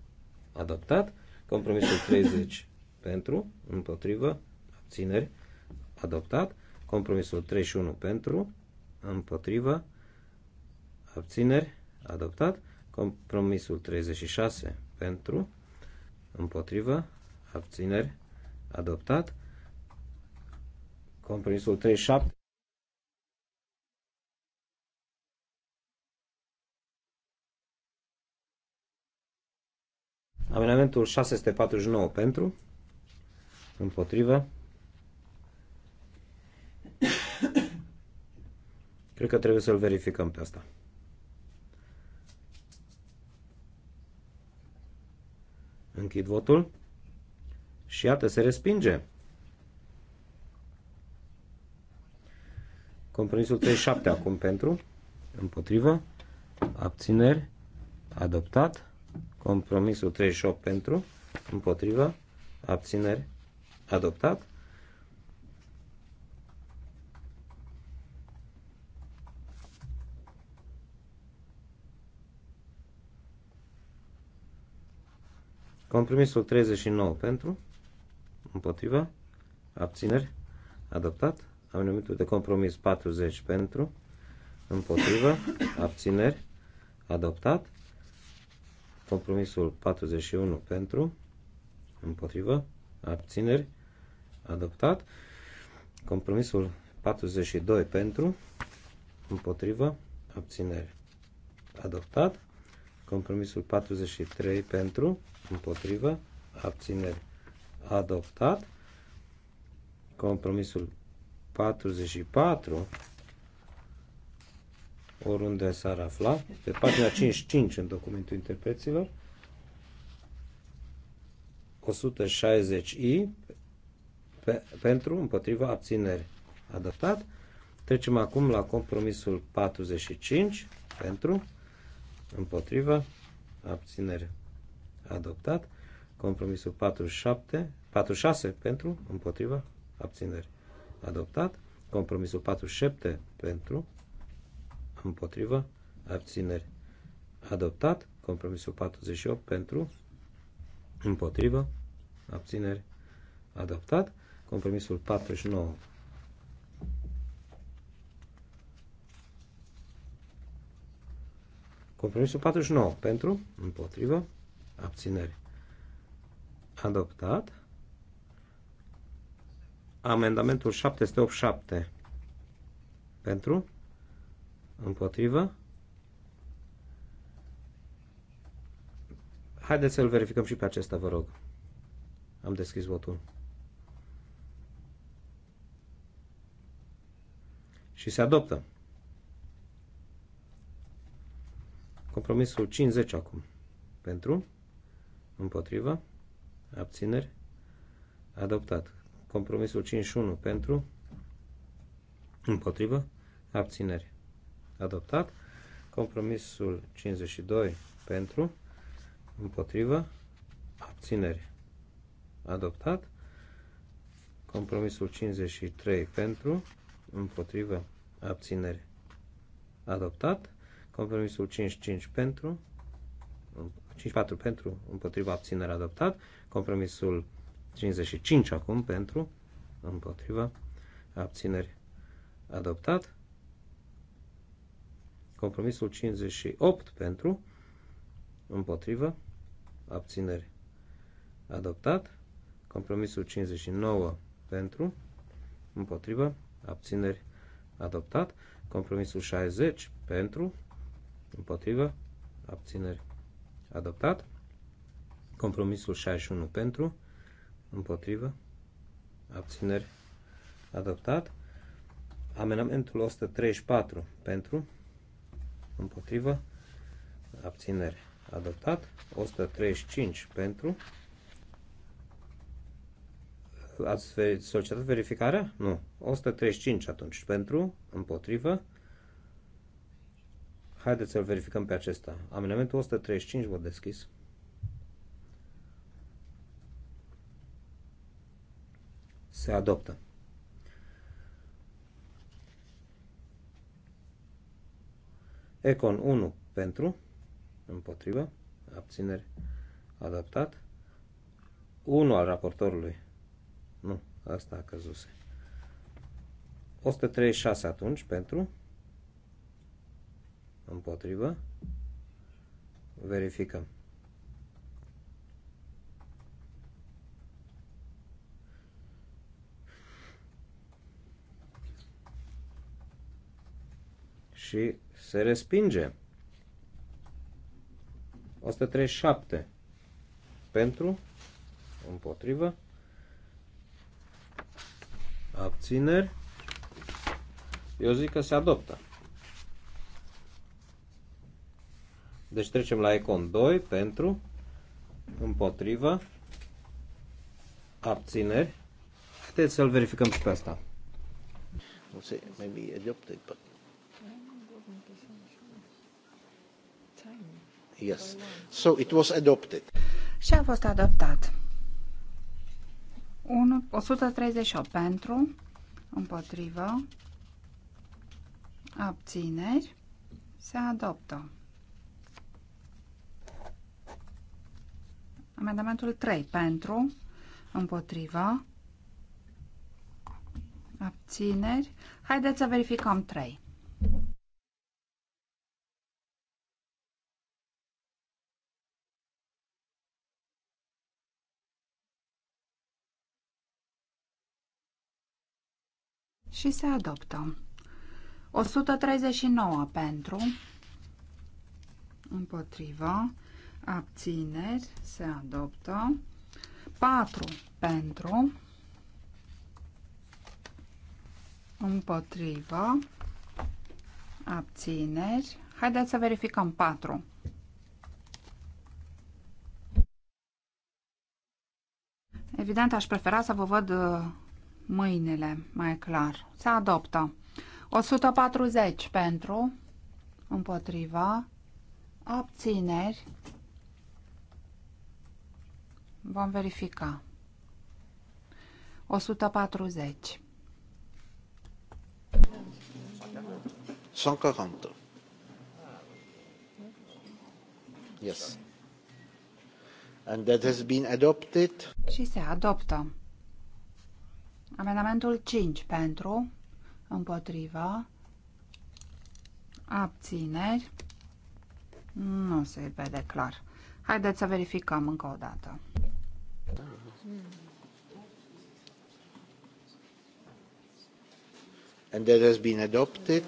adoptat. Compromisul 30 pentru, împotrivă, abțineri, adoptat. Compromisul 31 pentru, împotrivă, abțineri, adoptat. Compromisul 36 pentru, împotrivă, abțineri, adoptat. Compromisul 37 Amendamentul 649 pentru, împotrivă. Cred că trebuie să-l verificăm pe asta. Închid votul. Și iată, se respinge. Compromisul 37 acum pentru, împotrivă, abțineri, adoptat. Compromisul 38 pentru, împotriva, abțineri, adoptat. Compromisul 39 pentru, împotriva, abțineri, adoptat. Amendamentul de compromis 40 pentru, împotriva, abțineri, adoptat. Compromisul 41 pentru, împotrivă, abțineri, adoptat. Compromisul 42 pentru, împotrivă, abțineri, adoptat. Compromisul 43 pentru, împotrivă, abțineri, adoptat. Compromisul 44 oriunde s-ar afla, pe pagina 55 în documentul interpreților, 160i pe, pentru, împotriva, abțineri adoptat. Trecem acum la compromisul 45 pentru, împotriva, abțineri adoptat. Compromisul 47, 46 pentru, împotriva, abțineri adoptat. Compromisul 47 pentru, împotrivă, abțineri adoptat, compromisul 48 pentru, împotrivă, abțineri adoptat, compromisul 49 Compromisul 49 pentru, împotrivă, abțineri. Adoptat. Amendamentul 787 pentru, Împotrivă. Haideți să-l verificăm și pe acesta, vă rog. Am deschis votul. Și se adoptă. Compromisul 50 acum. Pentru. Împotrivă. Abțineri. Adoptat. Compromisul 51 pentru. Împotrivă. Abțineri adoptat. Compromisul 52 pentru, împotrivă, abțineri, adoptat. Compromisul 53 pentru, împotrivă, abțineri, adoptat. Compromisul 55 pentru, 54 pentru, împotriva abțineri, adoptat. Compromisul 55 acum pentru, împotriva abțineri adoptat. Compromisul 58 pentru, împotrivă, abțineri adoptat. Compromisul 59 pentru, împotrivă, abțineri adoptat. Compromisul 60 pentru, împotrivă, abțineri adoptat. Compromisul 61 pentru, împotrivă, abțineri adoptat. Amenamentul 134 pentru, împotrivă, abținere adoptat, 135 pentru. Ați solicitat verificarea? Nu. 135 atunci pentru, împotrivă. Haideți să-l verificăm pe acesta. Amendamentul 135 vă deschis. Se adoptă. Econ 1 pentru, împotrivă, abțineri, adaptat. 1 al raportorului, nu, asta a căzuse. 136 atunci pentru, împotrivă, verificăm. și se respinge. 137. Pentru. Împotrivă. Abțineri. Eu zic că se adoptă. Deci trecem la icon 2 pentru, împotrivă, abțineri. Haideți să-l verificăm și pe asta. We'll see. Maybe adopted, but Yes. So it was adopted. Și a fost adoptat. 1, 138 pentru, împotrivă, abțineri, se adoptă. Amendamentul 3 pentru, împotrivă, abțineri. Haideți să verificăm 3. și se adoptă. 139 pentru, împotriva, abțineri, se adoptă. 4 pentru, împotriva, abțineri. Haideți să verificăm 4. Evident, aș prefera să vă văd uh, mâinile mai clar. Se adoptă. 140 pentru, împotriva, abțineri. Vom verifica. 140. 140. Yes. And that has been adopted. Și se adoptă. Amendamentul 5 pentru, împotriva, abțineri, nu se vede clar. Haideți să verificăm încă o dată. And that has been adopted.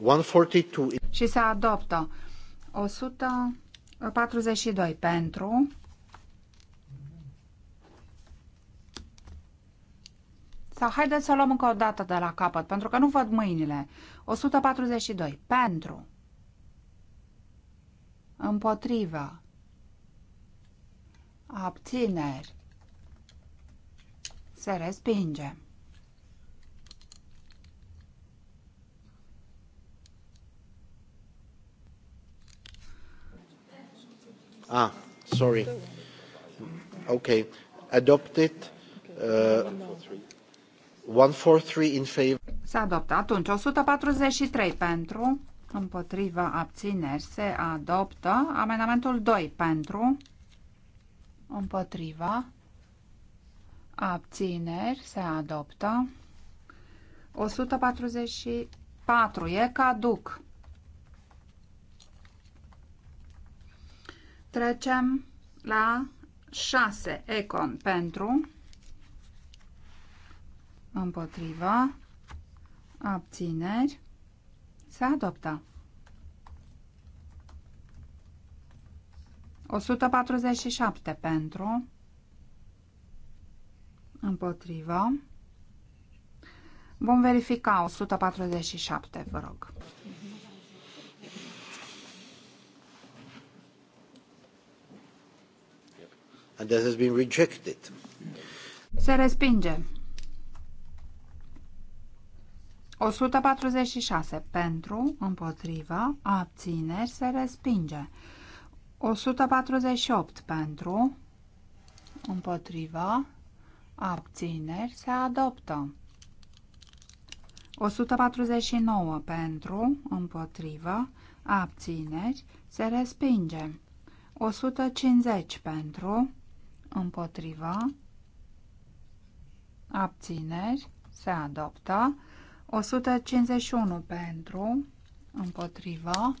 142. Și se adoptă 142 pentru, Sau haideți să luăm încă o dată de la capăt, pentru că nu văd mâinile. 142. Pentru. Împotrivă. Abțineri. Se respinge. Ah, sorry. Okay. Adopted. Uh, 143 a adoptat Se adoptă atunci 143 pentru, împotriva abțineri se adoptă amendamentul 2 pentru, împotriva abțineri se adoptă 144 e caduc. Trecem la 6 econ pentru împotriva, abțineri, se adoptă. 147 pentru, împotriva. Vom verifica 147, vă rog. And that has been rejected. Se respinge. 146 pentru, împotrivă, abțineri, se respinge. 148 pentru, împotrivă, abțineri, se adoptă. 149 pentru, împotrivă, abțineri, se respinge. 150 pentru, împotrivă, abțineri, se adoptă. 151 pentru, împotriva,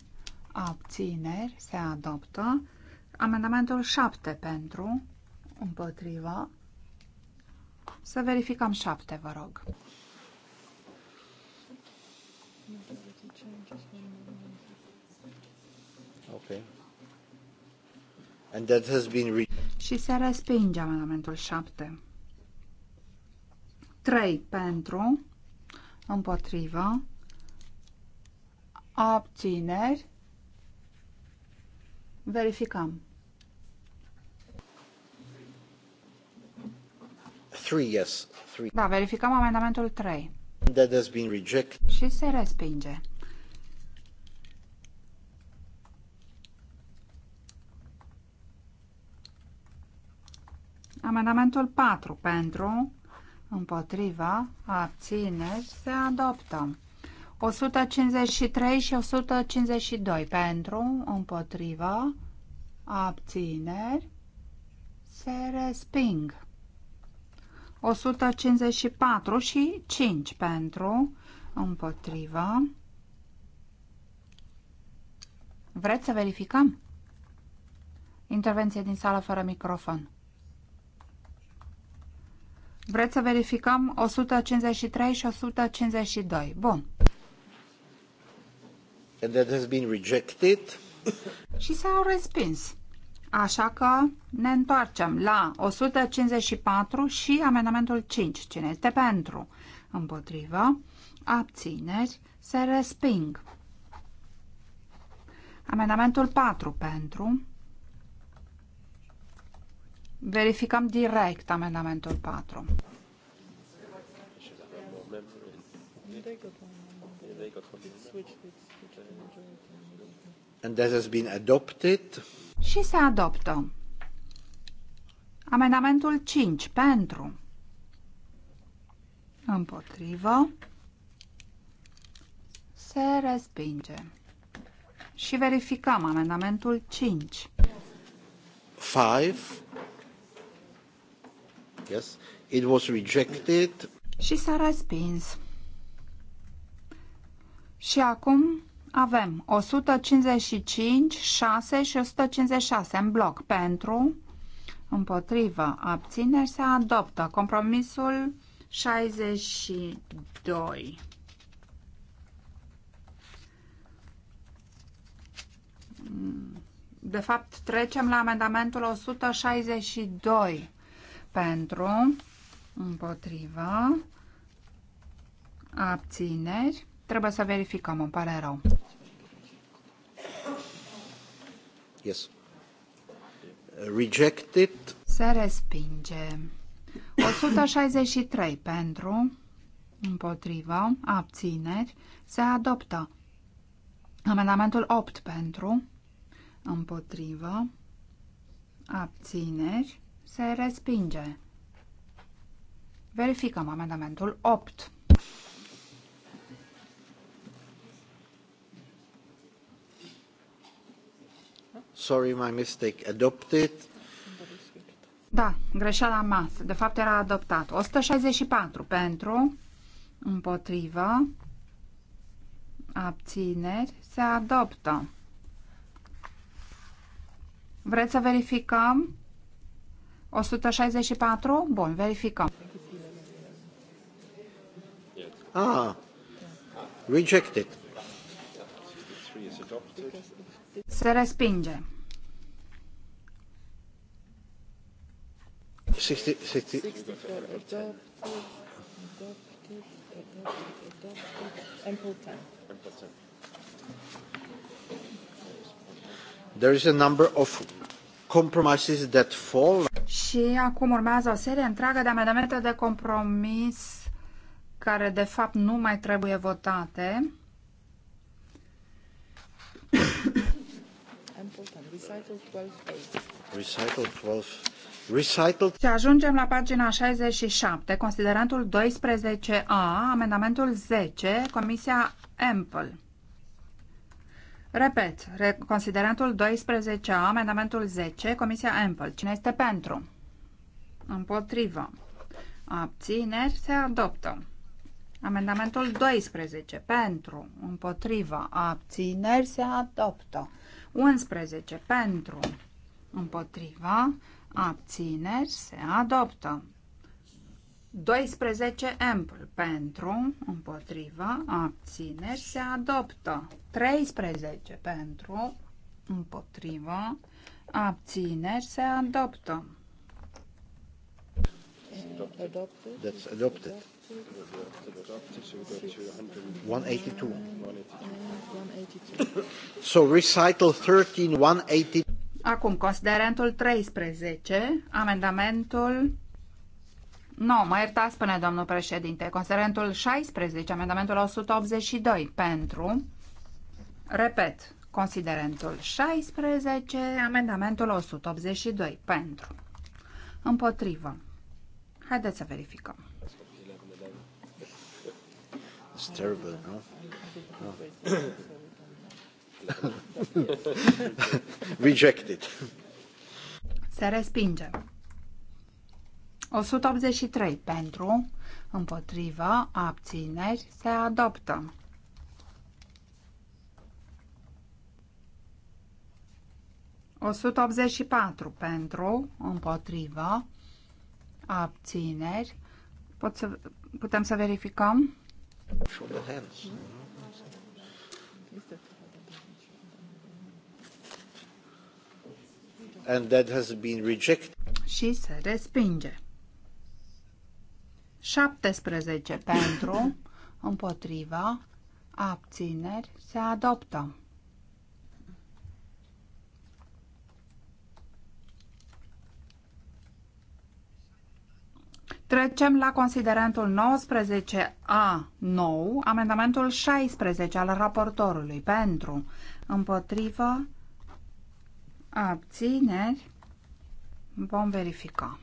abțineri, se adoptă. Amendamentul 7 pentru, împotriva. Să verificăm 7, vă rog. Okay. And that has been și se respinge amendamentul 7. 3 pentru, împotriva, abțineri, verificăm. 3, yes. 3. Da, verificăm amendamentul 3. That has been rejected. Și se respinge. Amendamentul 4 pentru, împotriva, abțineri, se adoptă. 153 și 152 pentru, împotriva, abțineri, se resping. 154 și 5 pentru, împotriva. Vreți să verificăm? Intervenție din sală fără microfon. Vreți să verificăm 153 și 152. Bun. And that has been rejected. și s-au respins. Așa că ne întoarcem la 154 și amendamentul 5. Cine este pentru? Împotrivă. Abțineri. Se resping. Amendamentul 4 pentru. Verificăm direct amendamentul 4. And that has been adopted. Și se adoptă. Amendamentul 5 pentru. Împotrivă. Se respinge. Și verificăm amendamentul 5. 5. Yes. It was rejected. Și s-a respins. Și acum avem 155, 6 și 156 în bloc pentru, împotrivă, abțineri, se adoptă. Compromisul 62. De fapt, trecem la amendamentul 162 pentru, împotriva, abțineri. Trebuie să verificăm, îmi pare rău. Yes. Rejected. Se respinge. 163 pentru, împotriva, abțineri. Se adoptă. Amendamentul 8 pentru, împotriva, abțineri. Se respinge. Verificăm amendamentul 8. Sorry, my mistake. Adopted. Da, greșeala mea. De fapt era adoptat. 164 pentru, împotrivă, abțineri, se adoptă. Vreți să verificăm? 164? Bun, verificăm. Ah, rejected. Se respinge. 60, 60. There is a number of compromises that fall. Și acum urmează o serie întreagă de amendamente de compromis care de fapt nu mai trebuie votate. Recital 12. Recital 12. Recital... Și ajungem la pagina 67, considerantul 12a, amendamentul 10, Comisia Ample. Repet, considerantul 12a, amendamentul 10, Comisia Ample. Cine este pentru? Împotrivă. Abțineri se adoptă. Amendamentul 12. Pentru. Împotrivă. Abțineri se adoptă. 11. Pentru. Împotriva. Abțineri se adoptă. 12 ampl pentru, împotriva, abțineri se adoptă. 13 pentru, împotriva, abțineri se adoptă adopted. That's adopted. 182. 182. So recital 13, 182. Acum, considerentul 13, amendamentul... Nu, no, mă iertați, spune domnul președinte. Considerentul 16, amendamentul 182, pentru... Repet, considerentul 16, amendamentul 182, pentru... Împotrivă. Haideți să verificăm. It's terrible, no? no. Rejected. Se respinge. 183 pentru, împotriva, abțineri, se adoptă. O patru pentru, împotriva, abțineri. Pot să, putem să verificăm? And that has been rejected. Și se respinge. 17 pentru, împotriva, abțineri, se adoptă. Trecem la considerentul 19A nou, amendamentul 16 al raportorului pentru împotrivă abțineri. Vom verifica.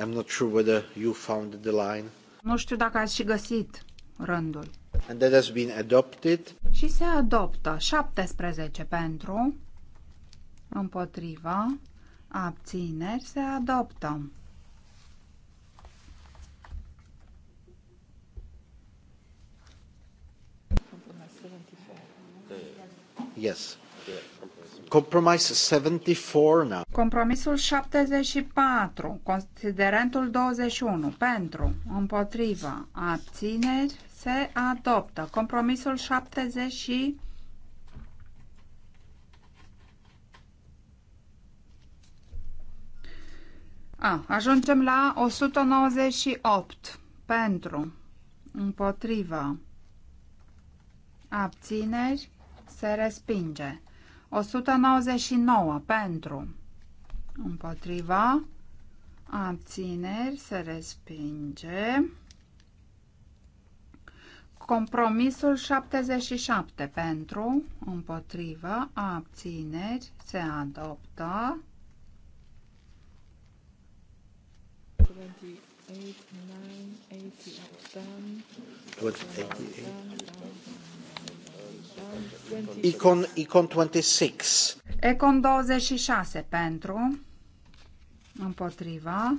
I'm not sure whether you found the line. Nu știu dacă ați și găsit rândul. And that has been adopted. Și se adoptă 17 pentru împotriva abțineri se adoptă. Yes. Compromise 74 now. Compromisul 74, considerentul 21, pentru, împotriva, abțineri, se adoptă. Compromisul 74. A, ajungem la 198. Pentru, împotriva, abțineri, se respinge. 199 pentru, împotriva, abțineri, se respinge. Compromisul 77 pentru, Împotriva. abțineri, se adoptă. 28, 9, 80, 88. Icon, Icon 26. Econ 26 pentru, împotriva,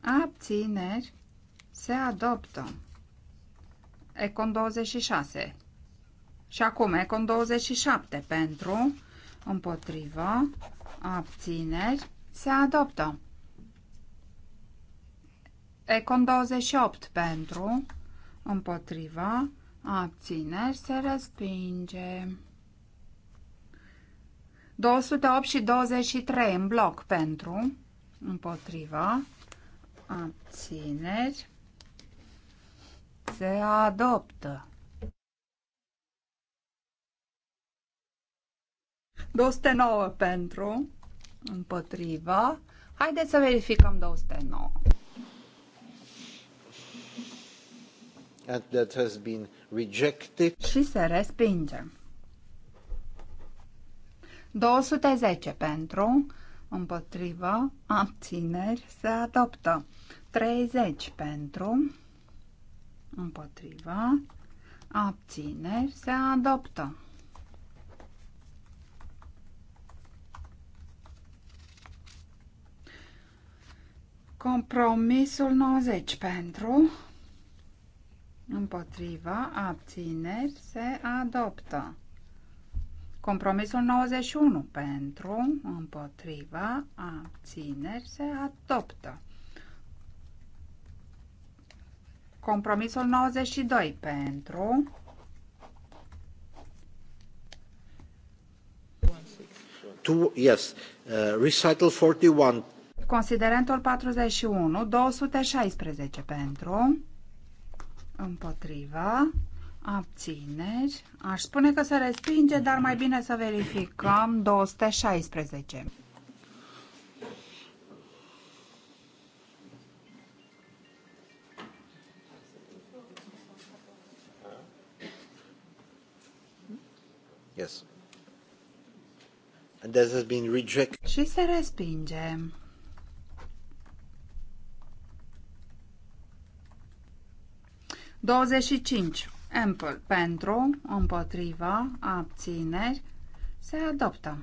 abțineri, se adoptă. Econ 26. Și acum Econ 27 pentru, împotriva, abțineri, se adoptă. Econ 28 pentru, împotriva, abțineri, se respinge. 208 și 23 în bloc pentru, împotriva, abțineri, se adoptă. 209 pentru, împotriva. Haideți să verificăm 209. that has been rejected. Și se respinge. 210 pentru, împotrivă, abțineri, se adoptă. 30 pentru, împotrivă, abțineri, se adoptă. Compromisul 90 pentru, împotriva, abțineri, se adoptă. Compromisul 91 pentru, împotriva, abțineri, se adoptă. Compromisul 92 pentru, Two, yes, uh, recital 41. Considerentul 41, 216 pentru, împotriva, abțineri. Aș spune că se respinge, dar mai bine să verificăm 216. Yes. And this has been rejected. Și se respinge. 25. Ample pentru, împotriva, abțineri, se adoptă.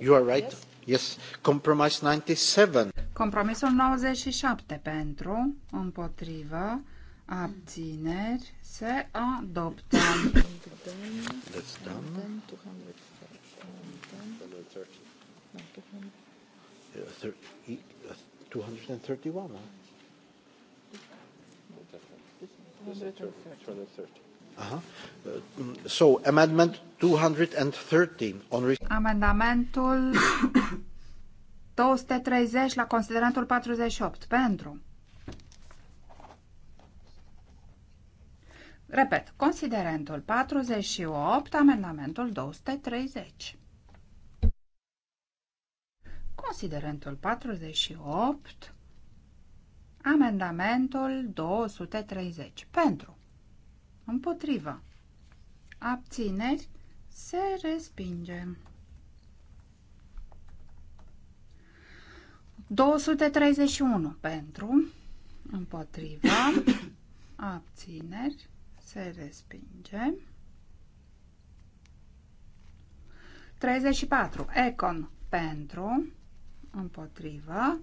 You are right. Yes. Yes, compromise 97. Compromisul 97 pentru, împotrivă, abțineri, se adoptă. That's done. thirty one. Uh So, amendment 213 on... Amendamentul 230 la considerantul 48. Pentru. Repet, considerentul 48, amendamentul 230. Considerentul 48, amendamentul 230. Pentru. Împotrivă. Abțineri. Se respinge. 231 pentru. Împotriva. Abțineri. Se respinge. 34. Econ pentru, împotriva,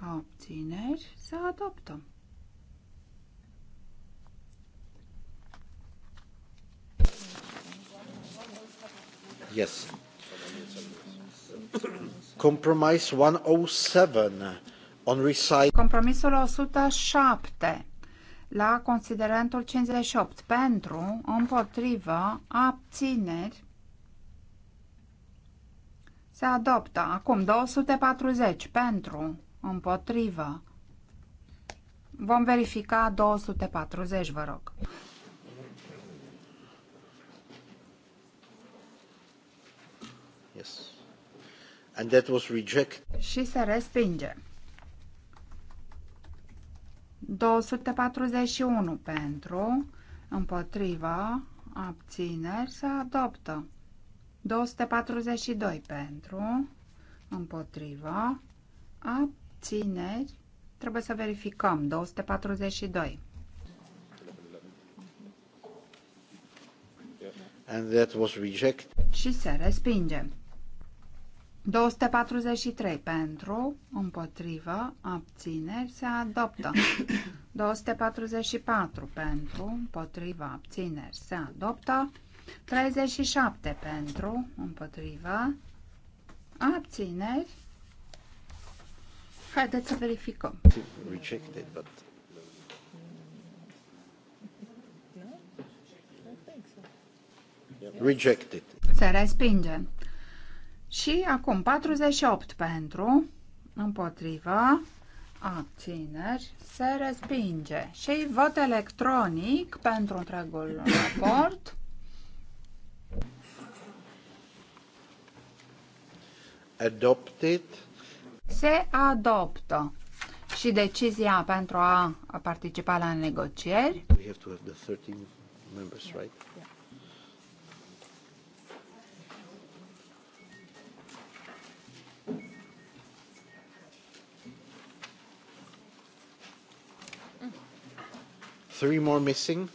abțineri, se adoptă. Yes. Compromise 107 on recite. Compromisul 107 la considerentul 58 pentru, împotrivă, abțineri se adoptă. Acum 240 pentru, împotrivă. Vom verifica 240, vă rog. and that was rejected. Și se respinge. 241 pentru, împotriva, abțineri, se adoptă. 242 pentru, împotriva, abțineri, trebuie să verificăm, 242. And that was rejected. Și se respinge. 243 pentru, împotrivă, abțineri, se adoptă. 244 pentru, împotrivă, abțineri, se adoptă. 37 pentru, împotrivă, abțineri. Haideți să verificăm. Rejected, but... Rejected. Se respinge. Și acum 48 pentru, împotriva, abțineri, se respinge. Și vot electronic pentru întregul raport. Adopted. Se adoptă. Și decizia pentru a participa la negocieri. We have to have the 13 members, right? Yeah. Three more missing.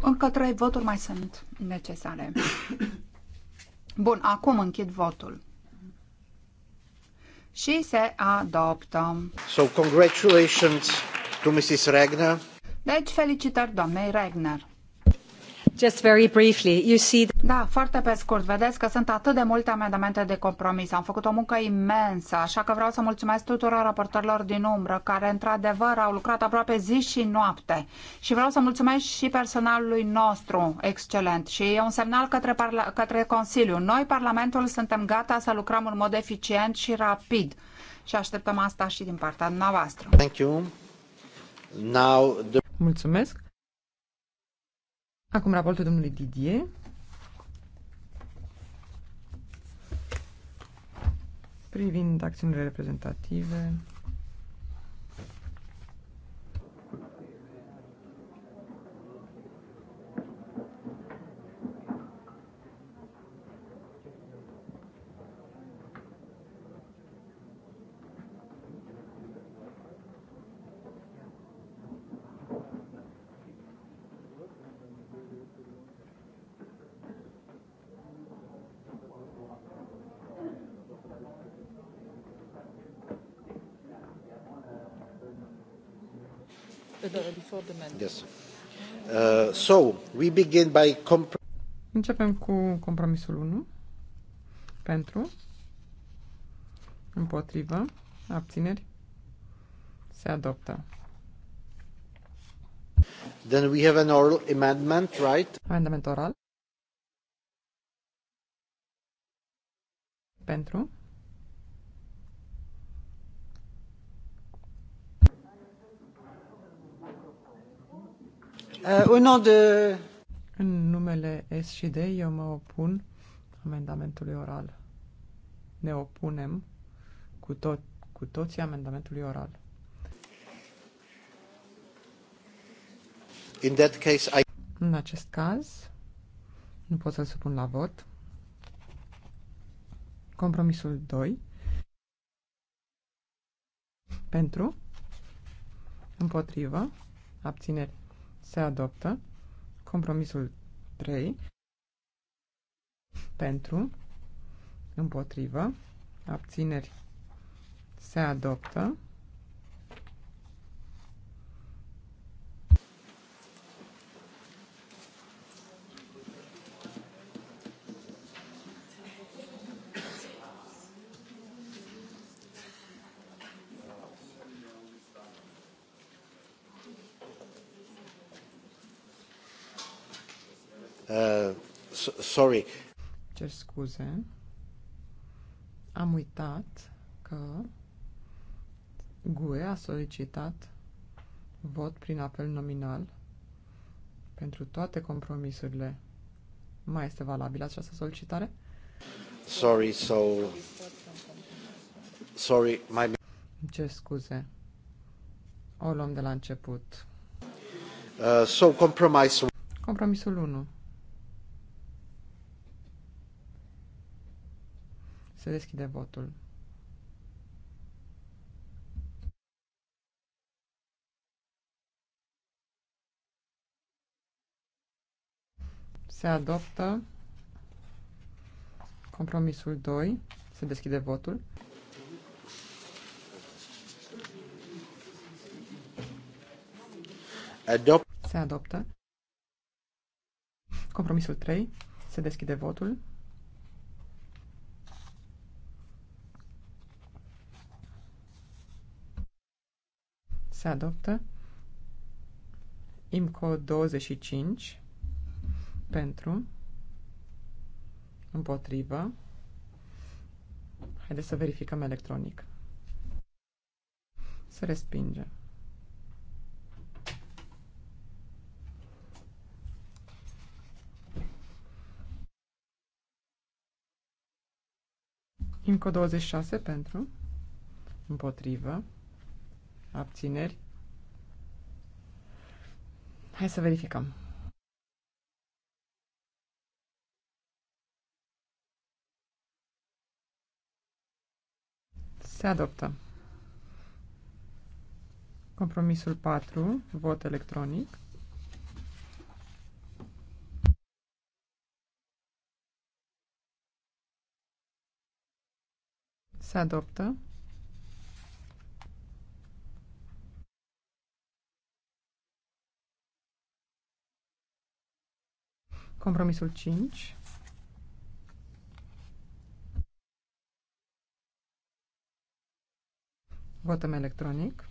Încă trei voturi mai sunt necesare. Bun, acum închid votul. Și se adoptă. So, congratulations to Mrs. Regner. Deci, felicitări doamnei Regner. Just very briefly, you see... Da, foarte pe scurt. Vedeți că sunt atât de multe amendamente de compromis. Am făcut o muncă imensă, așa că vreau să mulțumesc tuturor raportorilor din umbră, care într-adevăr au lucrat aproape zi și noapte. Și vreau să mulțumesc și personalului nostru excelent. Și e un semnal către, parla- către Consiliu. Noi, Parlamentul, suntem gata să lucrăm în mod eficient și rapid. Și așteptăm asta și din partea dumneavoastră. Thank you. Now the... Mulțumesc. Acum raportul domnului Didier. privind acțiunile reprezentative. Începem cu compromisul 1. Pentru. Împotrivă. Abțineri. Se adoptă. Then we have an oral amendment, right? Amendament oral. Pentru. Uh, În numele S și D, eu mă opun amendamentului oral. Ne opunem cu, tot, cu toții amendamentului oral. In that case, I... În acest caz, nu pot să-l supun la vot. Compromisul 2. Pentru. Împotrivă. Abțineri se adoptă. Compromisul 3 pentru, împotrivă, abțineri se adoptă. sorry. Cer scuze. Am uitat că GUE a solicitat vot prin apel nominal pentru toate compromisurile. Mai este valabilă această solicitare? Sorry, so... Sorry, my... Ce scuze. O luăm de la început. Uh, so, compromise. Compromisul 1. Se deschide votul. Se adoptă compromisul 2. Se deschide votul. Adop Se adoptă. Compromisul 3. Se deschide votul. se adoptă. IMCO 25 pentru împotrivă. Haideți să verificăm electronic. Se respinge. IMCO 26 pentru împotrivă. Abțineri. Hai să verificăm. Se adoptă. Compromisul 4, vot electronic. Se adoptă. Compromisul 5. Votăm electronic.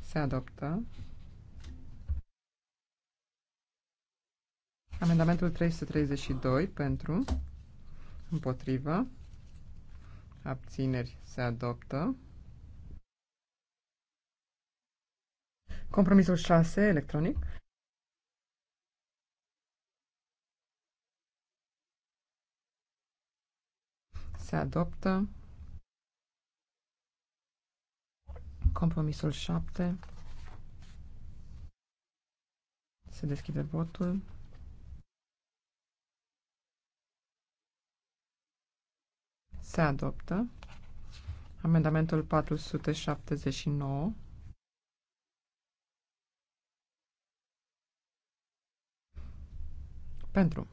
Se adoptă. Amendamentul 332 pentru, împotrivă, abțineri se adoptă. Compromisul 6, electronic. Se adoptă. Compromisul 7. Se deschide votul. Se adoptă. Amendamentul 479. Pentru.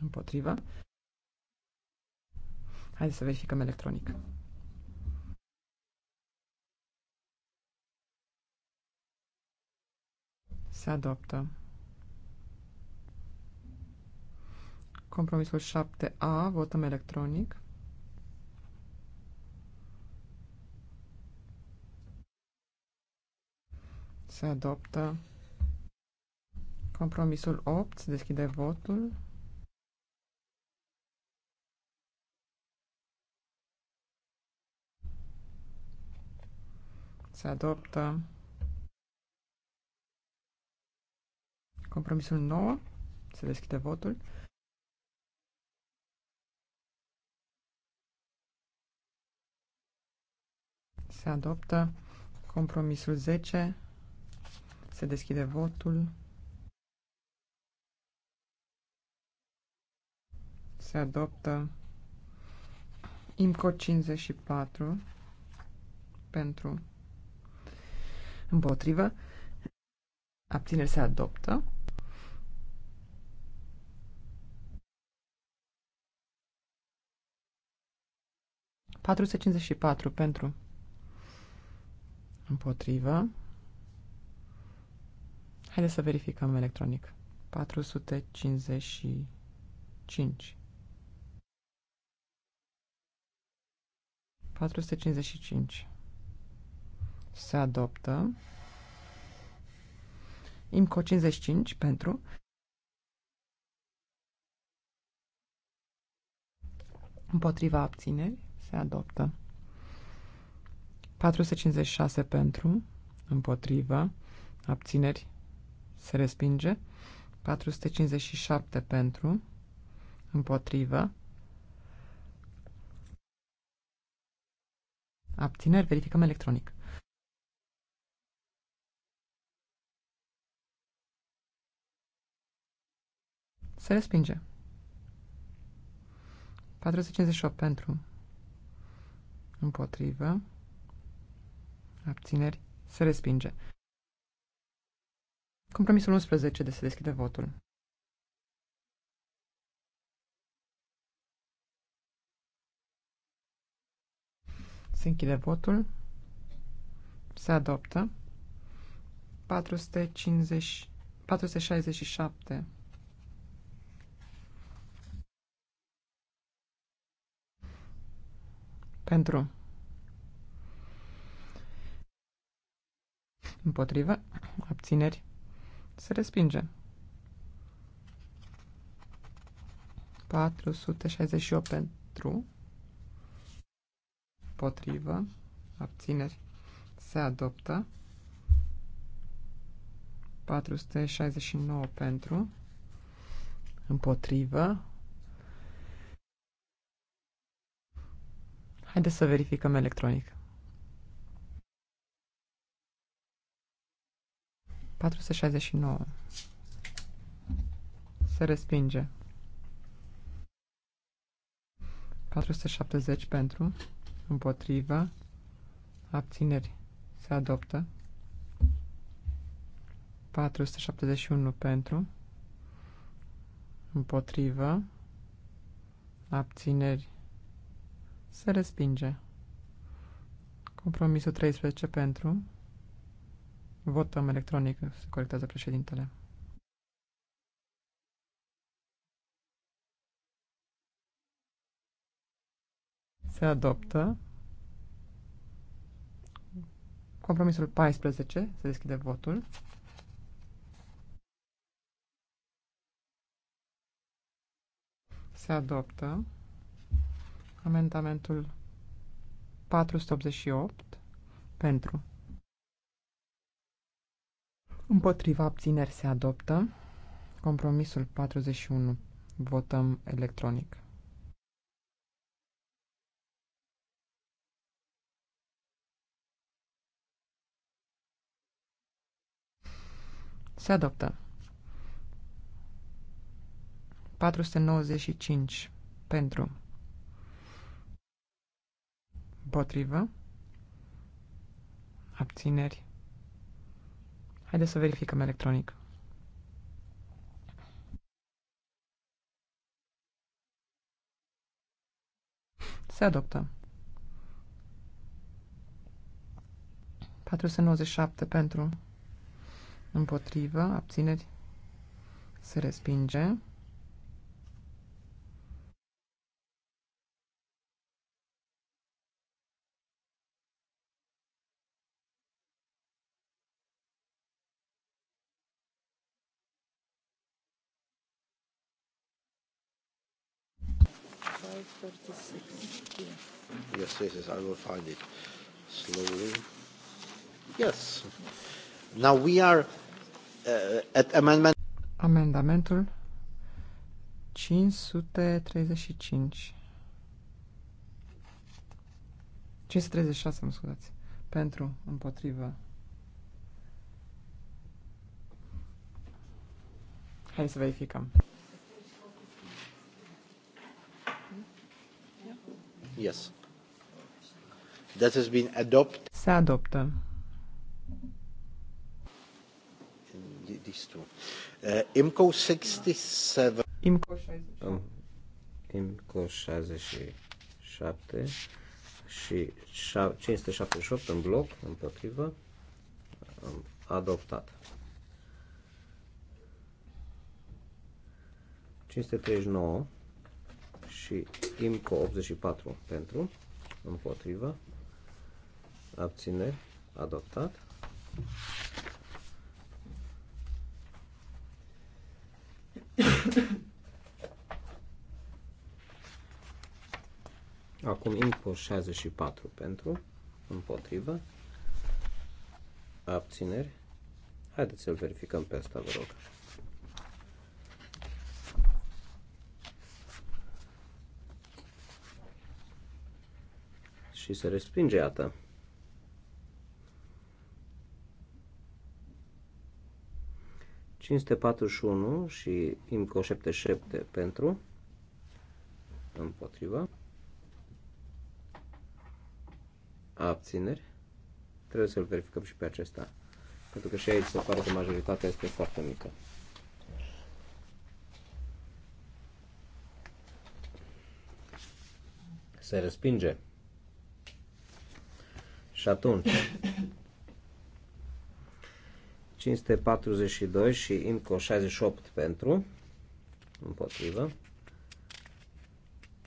Împotrivă. Hai să verificăm electronic. Se adoptă. Compromisul 7A, votăm electronic. Se adoptă. Compromisul 8. Se deschide votul. Se adoptă. Compromisul 9. Se deschide votul. Se adoptă. Compromisul 10. Se deschide votul. se adoptă IMCO 54 pentru împotrivă, abțineri se adoptă. patru pentru împotrivă. Haideți să verificăm electronic. 455. 455. Se adoptă. IMCO 55 pentru. Împotriva abțineri. Se adoptă. 456 pentru. Împotriva. Abțineri. Se respinge. 457 pentru. Împotrivă. Abțineri. Verificăm electronic. Se respinge. 458 pentru. Împotrivă. Abțineri. Se respinge. Compromisul 11 de se deschide votul. Se închide votul. Se adoptă. 450, 467. Pentru. Împotrivă. Abțineri. Se respinge. 468 pentru împotrivă, abțineri, se adoptă. 469 pentru, împotrivă. Haideți să verificăm electronic. 469. Se respinge. 470 pentru împotriva, abțineri se adoptă, 471 pentru, împotriva, abțineri se respinge. Compromisul 13 pentru, votăm electronic, se corectează președintele. Se adoptă. Compromisul 14. Se deschide votul. Se adoptă. Amendamentul 488 pentru. Împotriva abțineri se adoptă. Compromisul 41. Votăm electronic. Se adoptă. 495 pentru. potrivă Abțineri. Haideți să verificăm electronic. Se adoptă. 497 pentru. Împotrivă, abțineri, se respinge. Yes, yes, yes, I will find it slowly. Yes. Now we are Uh, amendment... Amendamentul 535. 536, mă scuzați. Pentru, împotrivă. Hai să verificăm. Yes. That has been adopted. Se adoptă. these eh, two. IMCO 67. IMCO 67. IMCO 67 și 578 în bloc, împotrivă, adoptat. 539 și IMCO 84 pentru, împotrivă, abține, adoptat. Acum impo 64 pentru, împotrivă, abțineri. Haideți să-l verificăm pe asta, vă rog. Și se respinge, iată. 541 și IMCO 77 pentru, împotriva, abțineri. Trebuie să-l verificăm și pe acesta, pentru că și aici se pare că majoritatea este foarte mică. Se respinge. Și atunci 542 și IMCO 68 pentru, împotrivă,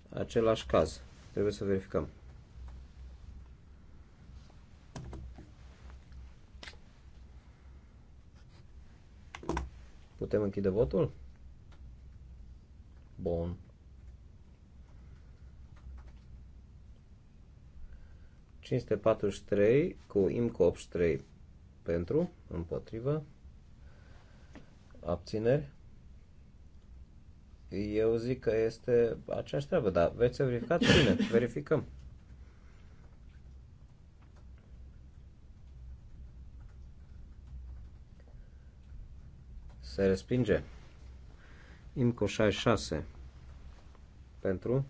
același caz. Trebuie să verificăm. Putem închide votul? Bun. Cinste 43 cu IMCO 83 pentru, împotrivă, abțineri. Eu zic că este aceeași treabă, dar veți să verificați bine, verificăm. Se respinge. Imco 66 pentru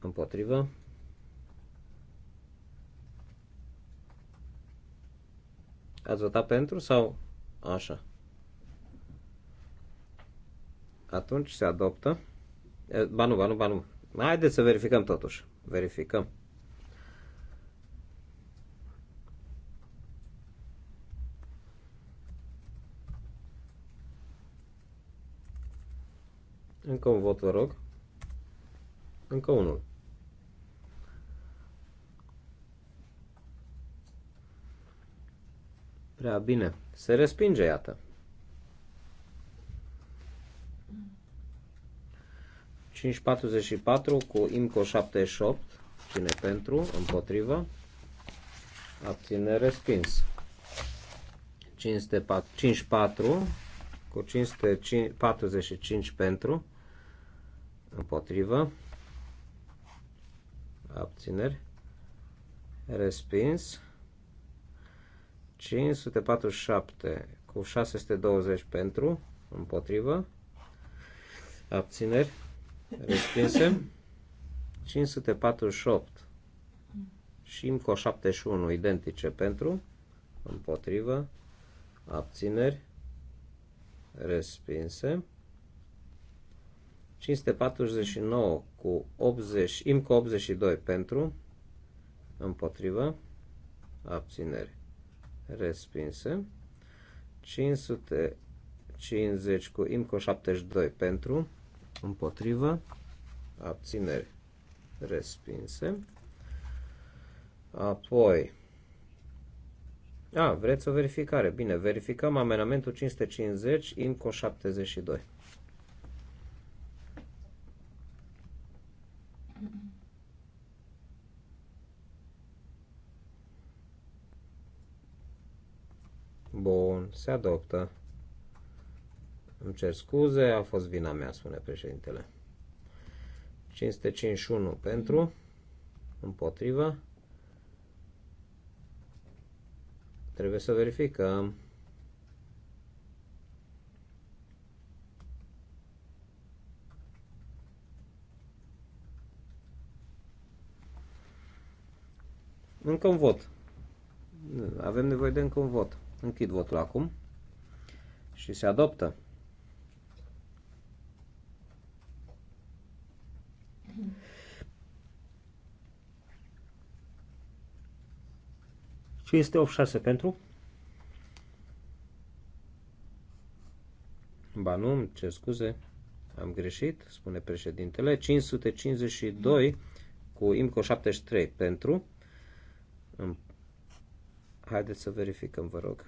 împotrivă Ați votat pentru sau așa? Atunci se adoptă. Ba nu, ba nu, ba nu. Haideți să verificăm totuși. Verificăm. Încă un vot, vă rog. Încă unul. prea bine. Se respinge, iată. Cinci cu IMCO 78. Cine pentru? Împotrivă. Abține respins. 54 cu 545 pentru împotrivă abțineri respins 547 cu 620 pentru, împotrivă, abțineri, respinse. 548 și încă 71 identice pentru, împotrivă, abțineri, respinse. 549 cu 80, IMCO 82 pentru, împotrivă, abțineri, respinse 550 cu IMCO 72 pentru, împotrivă, abțineri respinse. Apoi, a, vreți o verificare? Bine, verificăm amenamentul 550, IMCO 72. Bun, se adoptă. Îmi cer scuze, a fost vina mea, spune președintele. 551 pentru, împotrivă. Trebuie să verificăm. Încă un vot. Avem nevoie de încă un vot. Închid votul acum și se adoptă. Ce este 86 pentru? Ba nu, ce scuze, am greșit, spune președintele. 552 cu IMCO 73 pentru, Haideți să verificăm, vă rog.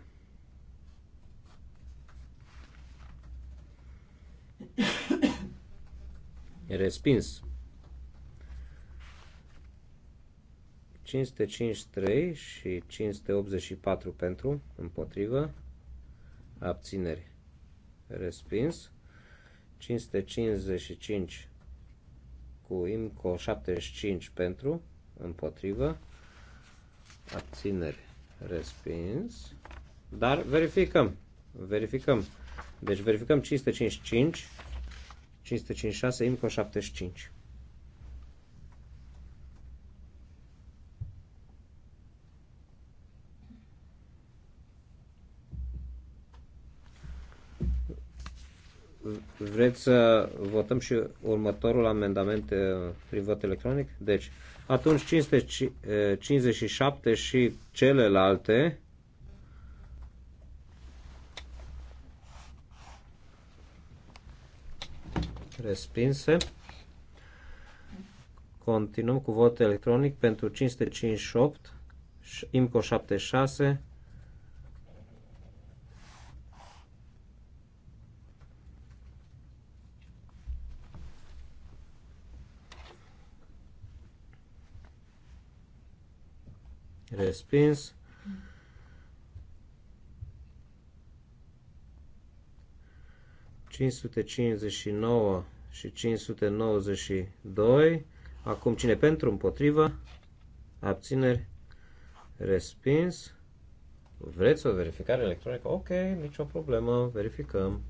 E respins. 553 și 584 pentru, împotrivă, abțineri, respins. 555 cu IMCO 75 pentru, împotrivă, abțineri, Respins. Dar verificăm. Verificăm. Deci verificăm 555, 556, IMCO 75. Vreți să votăm și următorul amendament eh, prin vot electronic? Deci, atunci 557 eh, și celelalte respinse. Continuăm cu vot electronic pentru 558, IMCO 76, respins. ...559 și 592. Acum cine pentru, împotriva, abțineri, respins. Vreți o verificare electronică? Ok, nicio problemă, verificăm.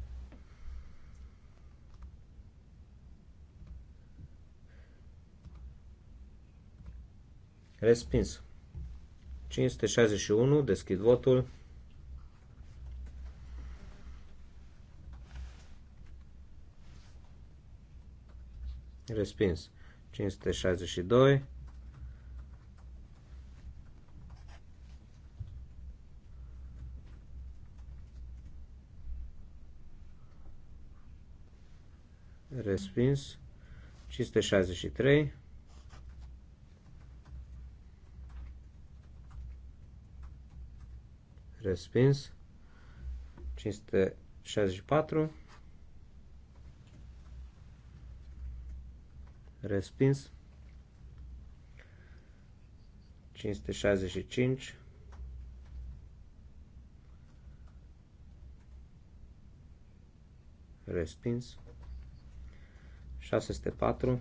Respins. 561, deschid votul. Respins. 562. Respins. 563. respins. 564 respins. 565 respins. 604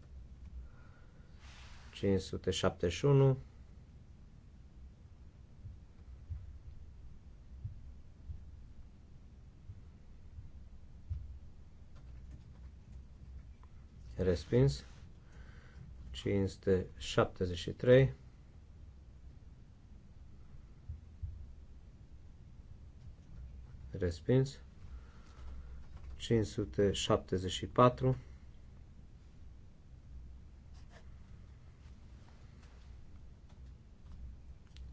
571 respins 573 respins 574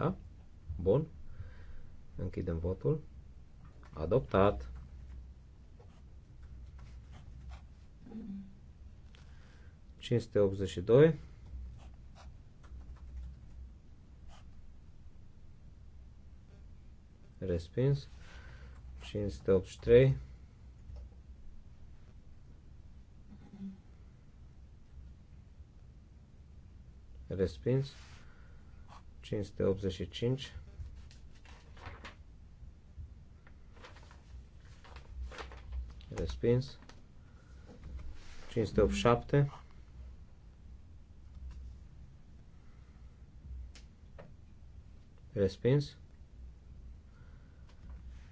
Da? Bun. Închidem votul. Adoptat. Cinste optzeci și doi. Respins. 583 respins 585. Respins. 587. Respins.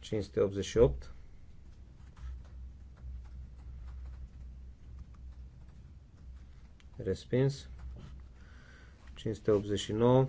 588. Respins. 589.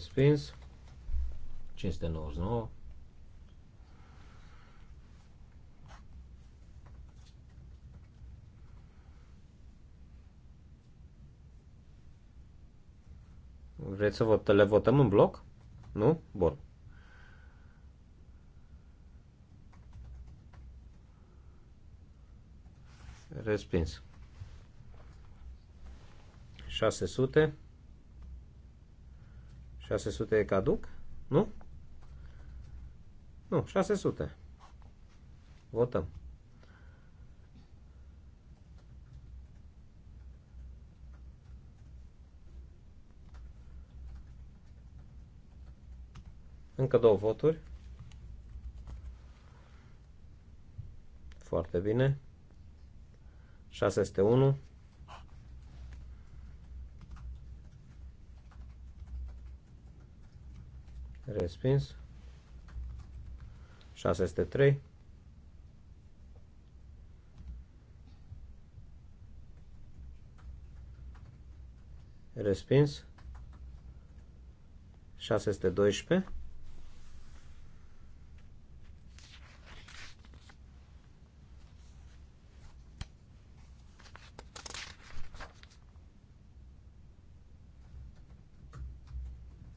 respins. 599. Vreți să vot, le votăm în bloc? Nu? Bun. Respins. 600. 600 e caduc? Nu? Nu, 600. Votăm. Încă două voturi. Foarte bine. 601. respins. 6 este 3. Respins. 6 este 12.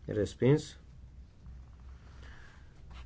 Respins.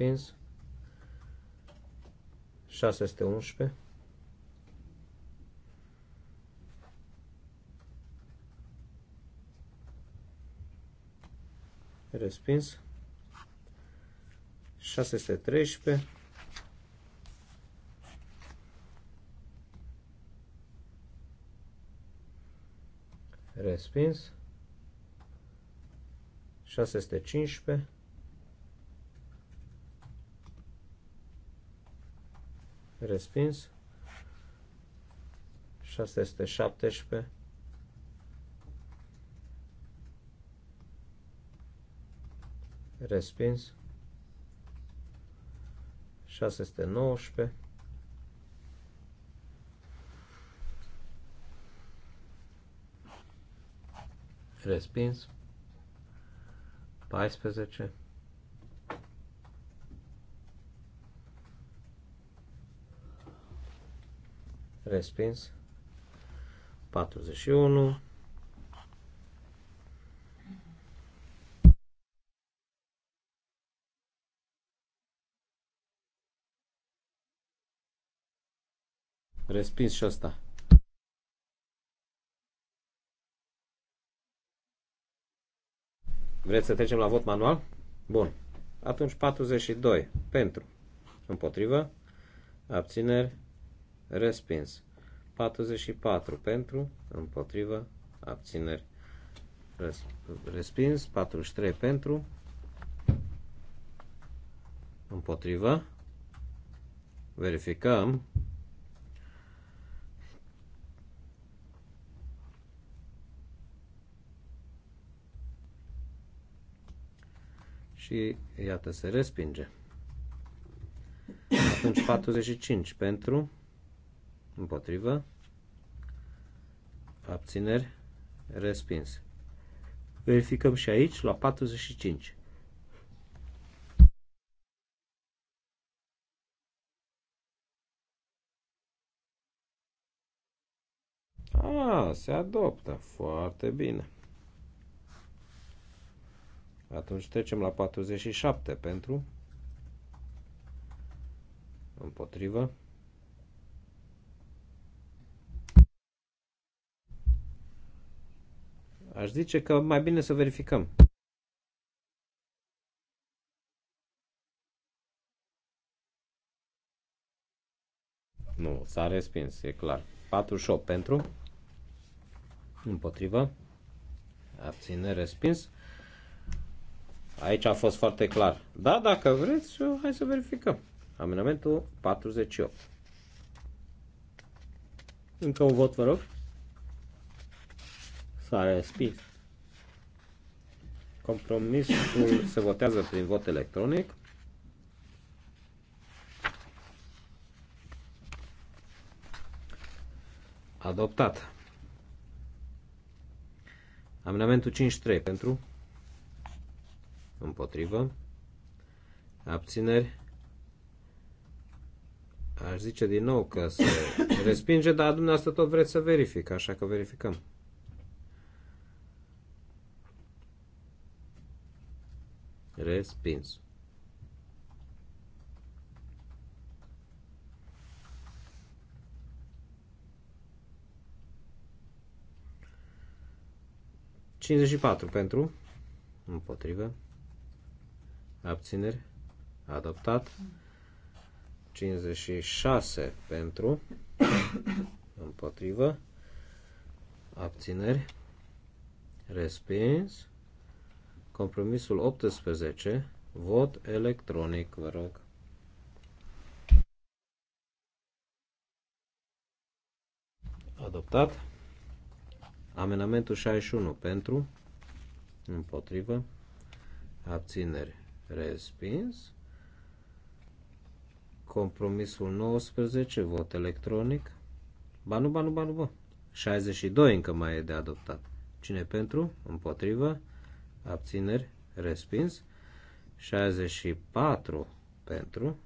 respins. este 611. Respins. 613. Respins. 15. respins. este 617 respins. este 619 respins. 14 Respins. 41. Respins și asta. Vreți să trecem la vot manual? Bun. Atunci 42 pentru, împotrivă, abțineri, respins. 44 pentru, împotrivă, abțineri, respins. 43 pentru, împotrivă, verificăm. Și iată se respinge. Atunci 45 pentru împotrivă, abțineri, respins. Verificăm și aici, la 45. A, ah, se adoptă. Foarte bine. Atunci trecem la 47 pentru împotrivă Aș zice că mai bine să verificăm. Nu, s-a respins, e clar. 48 pentru. Împotrivă. Abține, respins. Aici a fost foarte clar. Da, dacă vreți, hai să verificăm. Amendamentul 48. Încă un vot, vă rog. S-a respins. Compromisul se votează prin vot electronic. Adoptat. Amendamentul 5.3 pentru împotrivă abțineri aș zice din nou că se respinge, dar dumneavoastră tot vreți să verific, așa că verificăm. respins. Cincizeci patru pentru, împotrivă, abțineri, adoptat. 56 pentru, împotrivă, abțineri, respins. Compromisul 18, vot electronic, vă rog. Adoptat. Amenamentul 61 pentru, împotrivă, abțineri, respins. Compromisul 19, vot electronic. Ba nu, ba nu, ba nu, ba. 62 încă mai e de adoptat. Cine pentru? Împotrivă? abțineri, respins. 64 pentru,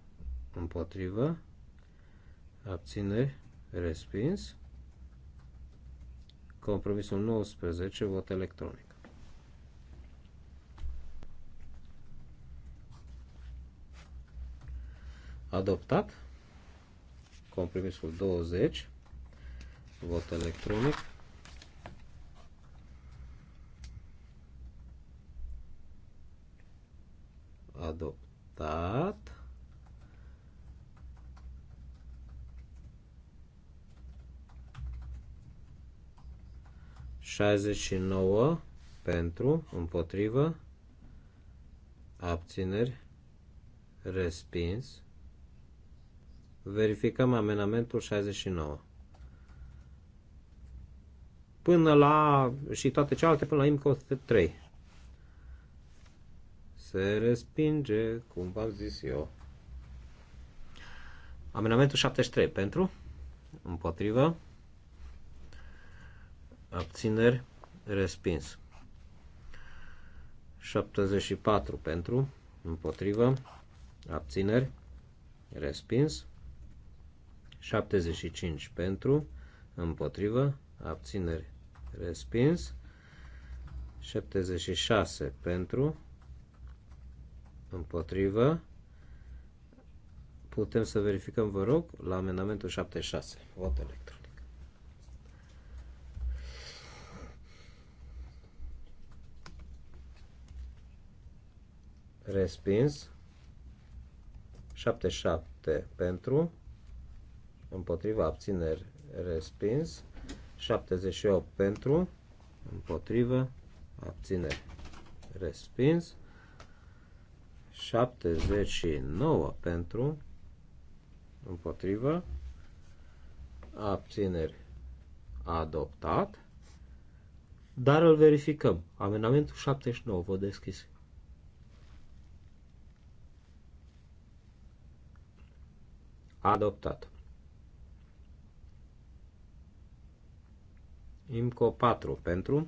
împotrivă, abțineri, respins. Compromisul 19, vot electronic. Adoptat. Compromisul 20, vot electronic. votat. Șaizeci și nouă pentru, împotrivă, abțineri, respins. Verificăm amenamentul 69. Până la, și toate cealaltă, până la IMCO 3 se respinge, cum v-am zis eu. Amenamentul 73 pentru, împotrivă, abțineri, respins. 74 pentru, împotrivă, abțineri, respins. 75 pentru, împotrivă, abțineri, respins. 76 pentru, împotrivă. Putem să verificăm, vă rog, la amendamentul 76, vot electronic. Respins. 77 pentru, împotriva abțineri respins, 78 pentru, împotrivă, abțineri respins, 79 pentru, împotrivă, abțineri adoptat, dar îl verificăm. Amendamentul 79, vă deschis. Adoptat. IMCO 4 pentru,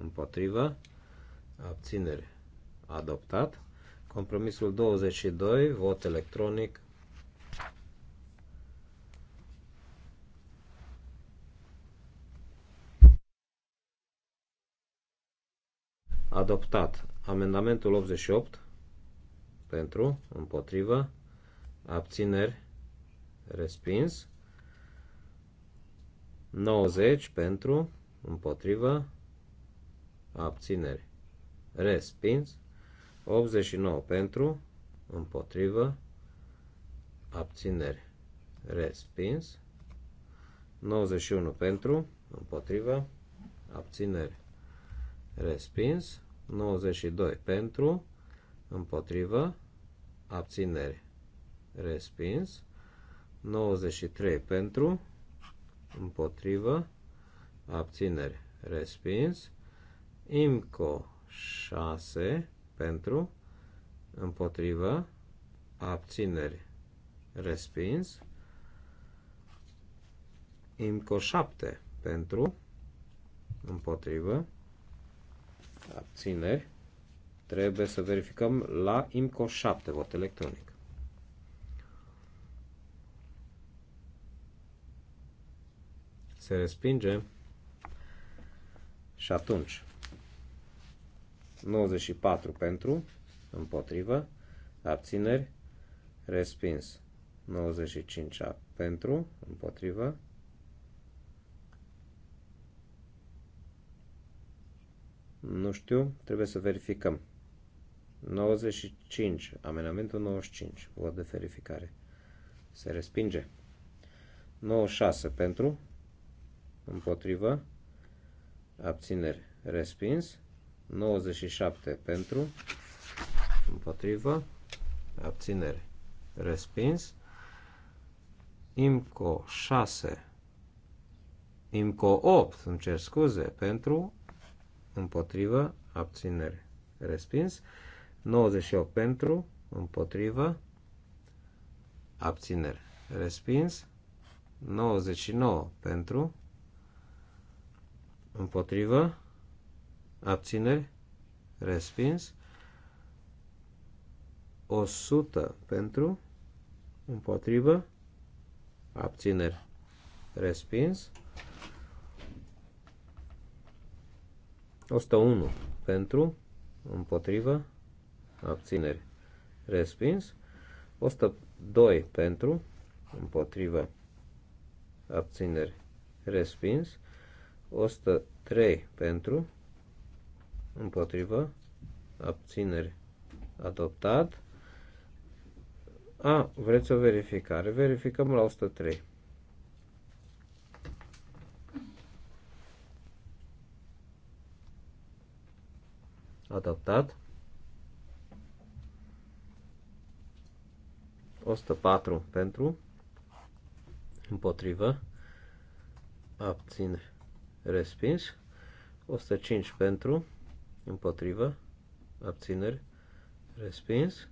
împotrivă, abțineri adoptat. Compromisul 22, vot electronic. Adoptat. Amendamentul 88 pentru, împotrivă, abțineri, respins. 90 pentru, împotrivă, abțineri, respins. 89 pentru, împotrivă, abțineri, respins. 91 pentru, împotrivă, abțineri, respins. 92 pentru, împotrivă, abțineri, respins. 93 pentru, împotrivă, abțineri, respins. IMCO 6 pentru, împotrivă, abțineri, respins. IMCO 7 pentru, împotrivă, abțineri. Trebuie să verificăm la IMCO 7, vot electronic. Se respinge și atunci 94 pentru, împotrivă, abțineri, respins. 95 pentru, împotrivă. Nu știu, trebuie să verificăm. 95, amenamentul 95, vot de verificare. Se respinge. 96 pentru, împotrivă, abțineri, respins. 97 pentru, împotrivă, abținere, respins. IMCO 6, IMCO 8, îmi cer scuze, pentru, împotrivă, abținere, respins. 98 pentru, împotrivă, abținere, respins. 99 pentru, împotrivă, abțineri, respins. 100 pentru, împotrivă, abțineri, respins. 101 pentru, împotrivă, abțineri, respins. 102 pentru, împotrivă, abțineri, respins. 103 pentru, împotrivă, abțineri, adoptat. A, vreți o verificare? Verificăm la 103. Adoptat. 104 pentru, împotrivă, abțin, respins, 105 pentru, împotrivă, abțineri, respins.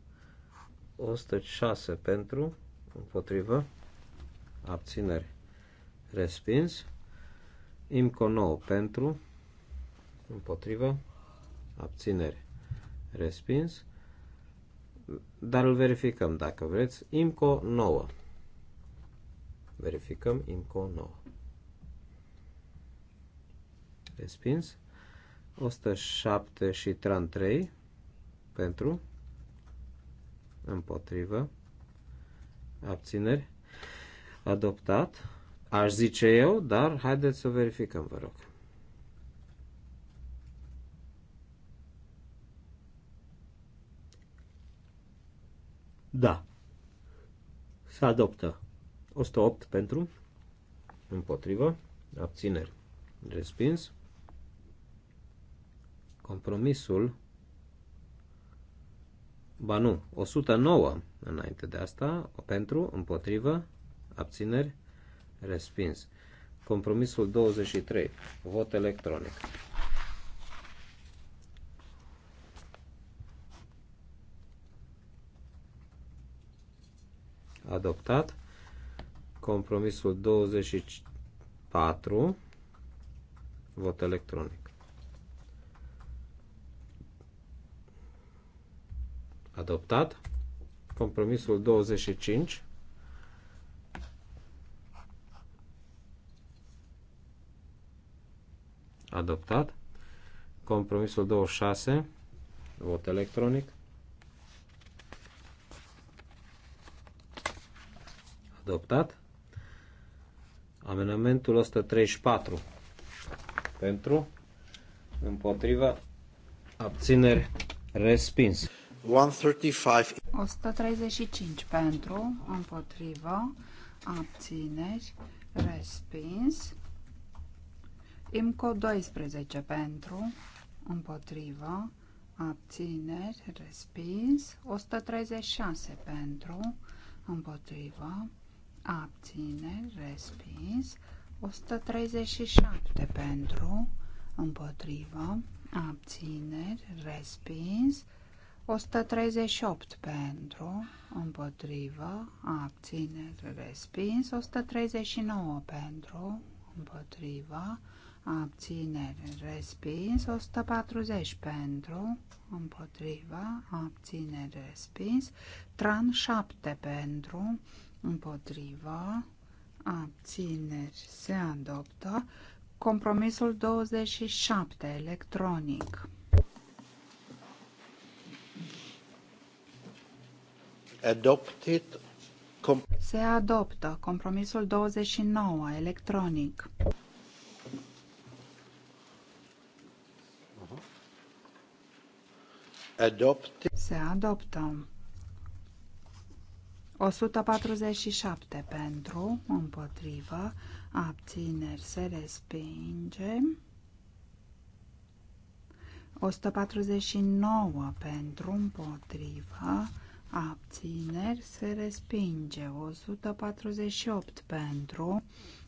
106 pentru, împotrivă, abțineri, respins. IMCO 9 pentru, împotrivă, abțineri, respins. Dar îl verificăm dacă vreți. IMCO 9. Verificăm IMCO 9. Respins. 107 și tran 3 pentru, împotrivă, abțineri, adoptat, aș zice eu, dar haideți să verificăm, vă rog. Da. Se adoptă. 108 pentru, împotrivă, abțineri, respins. Compromisul, ba nu, 109 înainte de asta, pentru, împotrivă, abțineri, respins. Compromisul 23, vot electronic. adoptat. Compromisul 24, vot electronic. adoptat. Compromisul 25 adoptat. Compromisul 26 vot electronic adoptat. Amenamentul 134 pentru împotriva abțineri respins. 135. pentru, împotrivă, abțineri, respins. IMCO 12 pentru, împotrivă, abțineri, respins. 136 pentru, împotrivă, abțineri, respins. 137 pentru, împotrivă, abțineri, respins. 138 pentru, împotrivă, abține, respins. 139 pentru, împotrivă, abțineri, respins. 140 pentru, împotrivă, abțineri, respins. Tran 7 pentru, împotrivă, abțineri, se adoptă. Compromisul 27, electronic. adopted. Se adoptă compromisul 29 electronic. Adopt. Se adoptă. 147 pentru, împotrivă, abțineri se respinge. 149 pentru, împotrivă, abțineri se respinge 148 pentru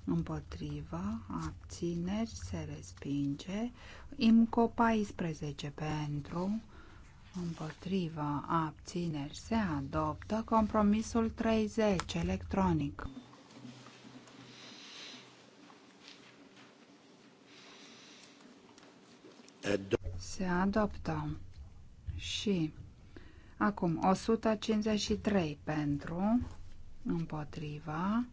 împotriva abțineri se respinge IMCO 14 pentru împotriva abțineri se adoptă compromisul 30 electronic se adoptă și Acum, 153 pentru, împotriva.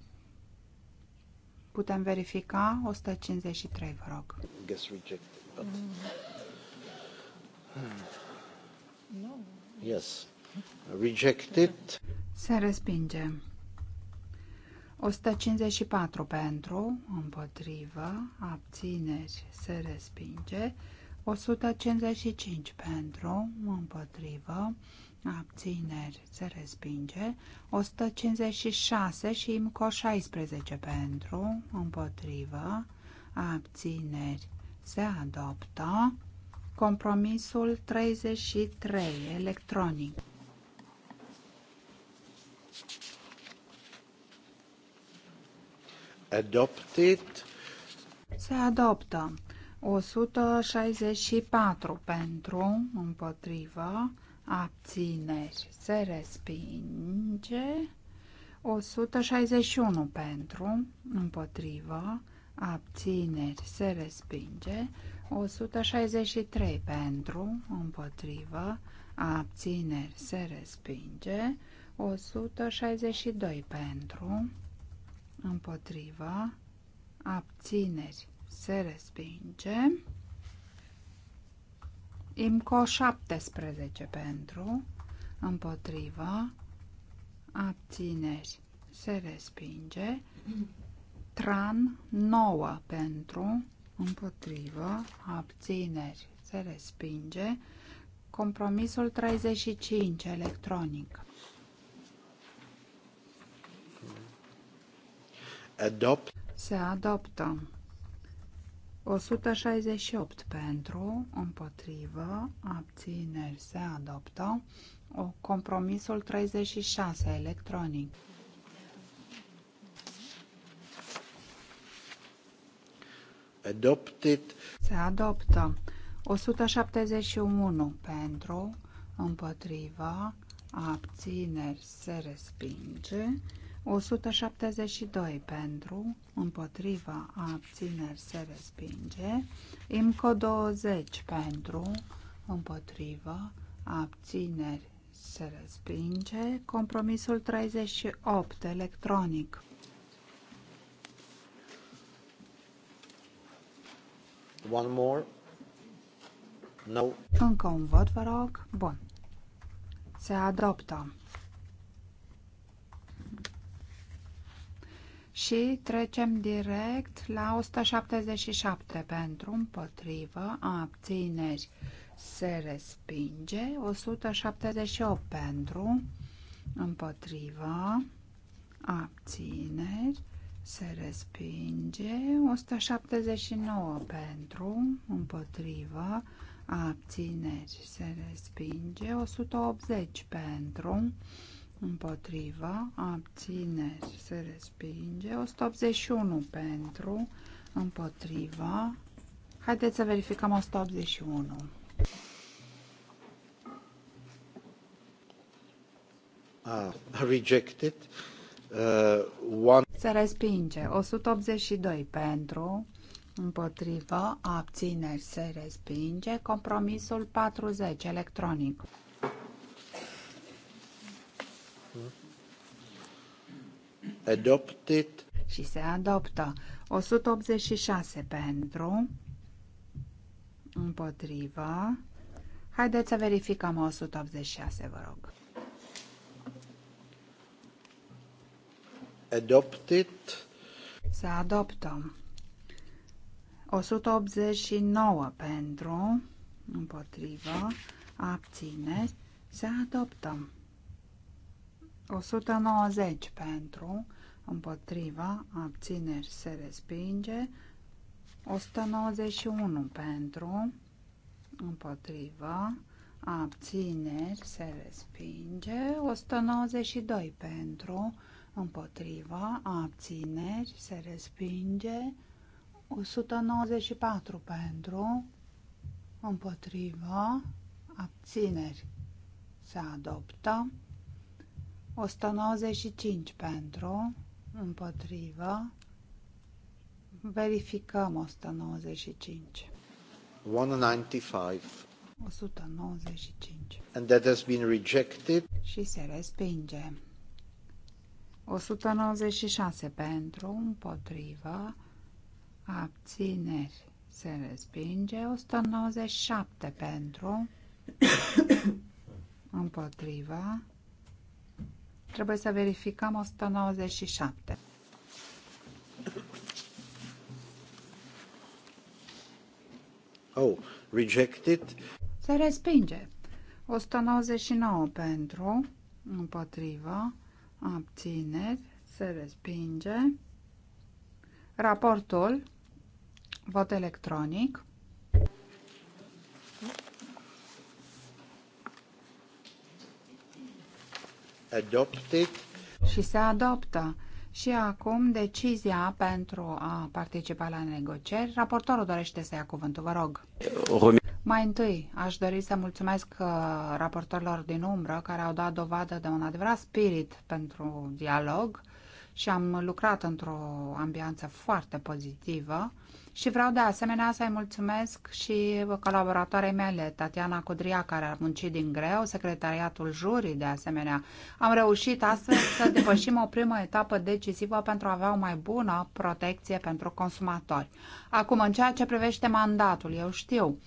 Putem verifica 153, vă rog. Guess rejected. But... Mm. No. Yes. Rejected. Se respinge. 154 pentru, împotrivă, abțineri, se respinge. 155 pentru, împotrivă, abțineri, se respinge. 156 și IMCO 16 pentru, împotrivă, abțineri, se adoptă. Compromisul 33, electronic. Adopted. Se adoptă. 164 pentru, împotrivă, abțineri, se respinge. 161 pentru, împotrivă, abțineri, se respinge. 163 pentru, împotrivă, abțineri, se respinge. 162 pentru, împotrivă, abțineri, se respinge. IMCO 17 pentru, împotriva, abțineri, se respinge. Tran 9 pentru, împotriva, abțineri, se respinge. Compromisul 35 electronic. Adopt. Se adoptă. 168 pentru, împotrivă, abțineri se adoptă. O, compromisul 36 electronic. Adopted. Se adoptă. 171 pentru, împotrivă, abțineri se respinge. 172 pentru, împotriva abțineri se respinge. IMCO 20 pentru, împotriva abțineri se respinge. Compromisul 38 electronic. One more. No. Încă un vot, vă rog. Bun. Se adoptă. Și trecem direct la 177 pentru împotrivă, abțineri se respinge, 178 pentru împotrivă, abțineri se respinge, 179 pentru împotrivă, abțineri se respinge, 180 pentru împotriva, abțineri se respinge, 181 pentru, împotriva. Haideți să verificăm 181. Ah, rejected. Uh, one... Se respinge. 182 pentru, împotriva, abțineri se respinge. Compromisul 40 electronic. Adopted. Și se adoptă. 186 pentru. Împotriva. Haideți să verificăm 186, vă rog. Adopted. Se adoptă. 189 pentru. Împotriva. Abține. Se adoptă. 190 pentru, împotriva, abțineri se respinge. 191 pentru, împotriva, abțineri se respinge. 192 pentru, împotriva, abțineri se respinge. 194 pentru, împotriva, abțineri se adoptă. 195 pentru, împotrivă. Verificăm 195. 195. 195. And that has been rejected. Și se respinge. 196 pentru, împotrivă, abțineri. Se respinge. 197 pentru, împotrivă. Trebuie să verificăm 197. Oh, rejected. Se respinge. 199 pentru, împotriva, abțineri, se respinge. Raportul, vot electronic. adopted. Și se adoptă. Și acum decizia pentru a participa la negocieri. Raportorul dorește să ia cuvântul, vă rog. Mai întâi, aș dori să mulțumesc uh, raportorilor din umbră care au dat dovadă de un adevărat spirit pentru dialog și am lucrat într-o ambianță foarte pozitivă și vreau de asemenea să-i mulțumesc și colaboratoarei mele, Tatiana Codria, care a muncit din greu, secretariatul jurii de asemenea. Am reușit astfel să depășim o primă etapă decisivă pentru a avea o mai bună protecție pentru consumatori. Acum, în ceea ce privește mandatul, eu știu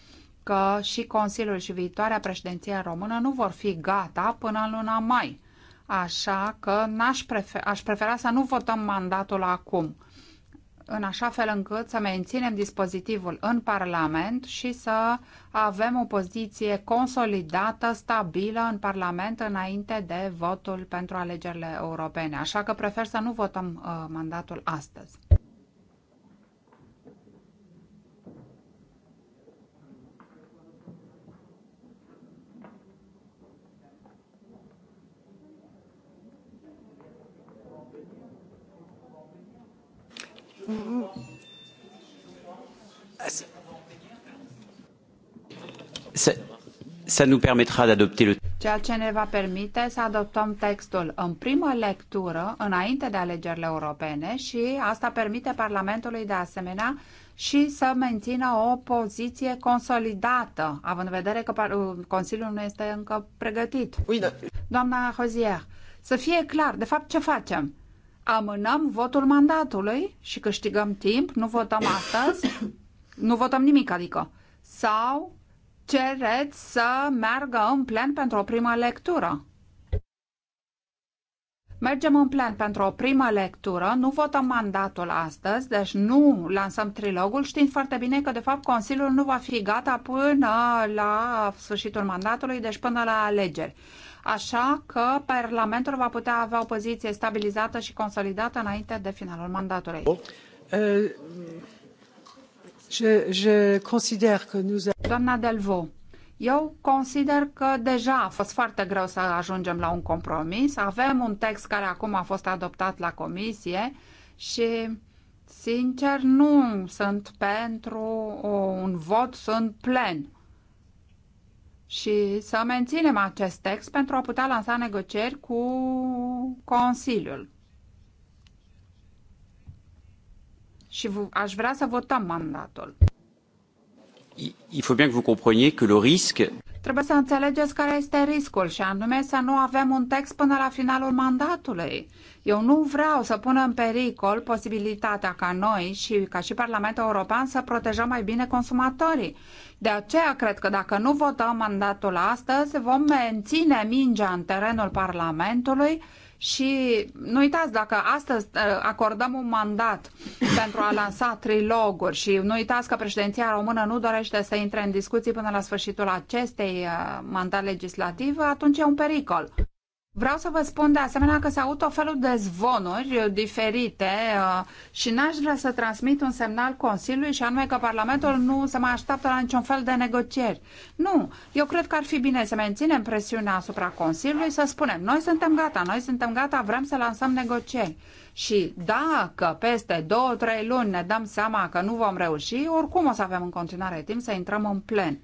că și Consiliul și viitoarea președinție română nu vor fi gata până în luna mai. Așa că aș prefer, aș prefera să nu votăm mandatul acum, în așa fel încât să menținem dispozitivul în Parlament și să avem o poziție consolidată, stabilă în Parlament înainte de votul pentru alegerile europene. Așa că prefer să nu votăm uh, mandatul astăzi. Ça nous permettra d'adopter le ceea ce ne va permite să adoptăm textul în primă lectură înainte de alegerile europene și asta permite Parlamentului de asemenea și să mențină o poziție consolidată, având în vedere că Consiliul nu este încă pregătit. Doamna Hozier, să fie clar, de fapt, ce facem? amânăm votul mandatului și câștigăm timp, nu votăm astăzi, nu votăm nimic, adică. Sau cereți să meargă în plen pentru o primă lectură. Mergem în plan pentru o primă lectură, nu votăm mandatul astăzi, deci nu lansăm trilogul, știind foarte bine că, de fapt, Consiliul nu va fi gata până la sfârșitul mandatului, deci până la alegeri așa că Parlamentul va putea avea o poziție stabilizată și consolidată înainte de finalul mandatului. Eh, Doamna Delvaux, eu consider că deja a fost foarte greu să ajungem la un compromis. Avem un text care acum a fost adoptat la comisie și, sincer, nu sunt pentru un vot în plen și să menținem acest text pentru a putea lansa negocieri cu Consiliul. Și aș vrea să votăm mandatul. Il faut bien que vous compreniez que le risque Trebuie să înțelegeți care este riscul și anume să nu avem un text până la finalul mandatului. Eu nu vreau să pun în pericol posibilitatea ca noi și ca și Parlamentul European să protejăm mai bine consumatorii. De aceea cred că dacă nu votăm mandatul astăzi, vom menține mingea în terenul Parlamentului și nu uitați, dacă astăzi uh, acordăm un mandat pentru a lansa triloguri și nu uitați că președinția română nu dorește să intre în discuții până la sfârșitul acestei uh, mandat legislativ, atunci e un pericol. Vreau să vă spun de asemenea că se aud o felul de zvonuri diferite uh, și n-aș vrea să transmit un semnal Consiliului și anume că Parlamentul nu se mai așteaptă la niciun fel de negocieri. Nu, eu cred că ar fi bine să menținem presiunea asupra Consiliului să spunem noi suntem gata, noi suntem gata, vrem să lansăm negocieri. Și dacă peste două, trei luni ne dăm seama că nu vom reuși, oricum o să avem în continuare timp să intrăm în plen.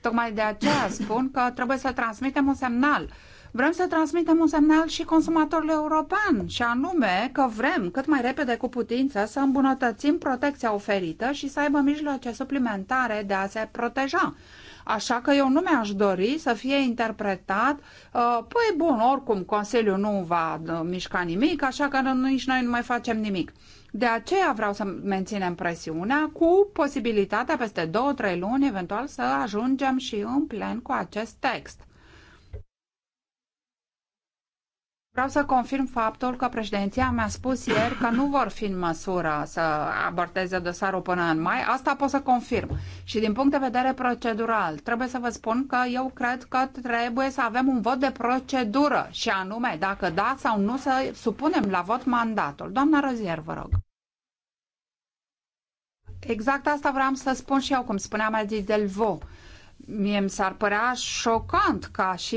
Tocmai de aceea spun că trebuie să transmitem un semnal Vrem să transmitem un semnal și consumatorului european, și anume că vrem cât mai repede cu putință să îmbunătățim protecția oferită și să aibă mijloace suplimentare de a se proteja. Așa că eu nu mi-aș dori să fie interpretat, uh, păi bun, oricum Consiliul nu va uh, mișca nimic, așa că nici noi nu mai facem nimic. De aceea vreau să menținem presiunea cu posibilitatea peste 2-3 luni eventual să ajungem și în plen cu acest text. Vreau să confirm faptul că președinția mi-a spus ieri că nu vor fi în măsură să abordeze dosarul până în mai. Asta pot să confirm. Și din punct de vedere procedural, trebuie să vă spun că eu cred că trebuie să avem un vot de procedură și anume dacă da sau nu să supunem la vot mandatul. Doamna Rozier, vă rog. Exact asta vreau să spun și eu, cum azi Madi Delvo mie mi s-ar părea șocant ca și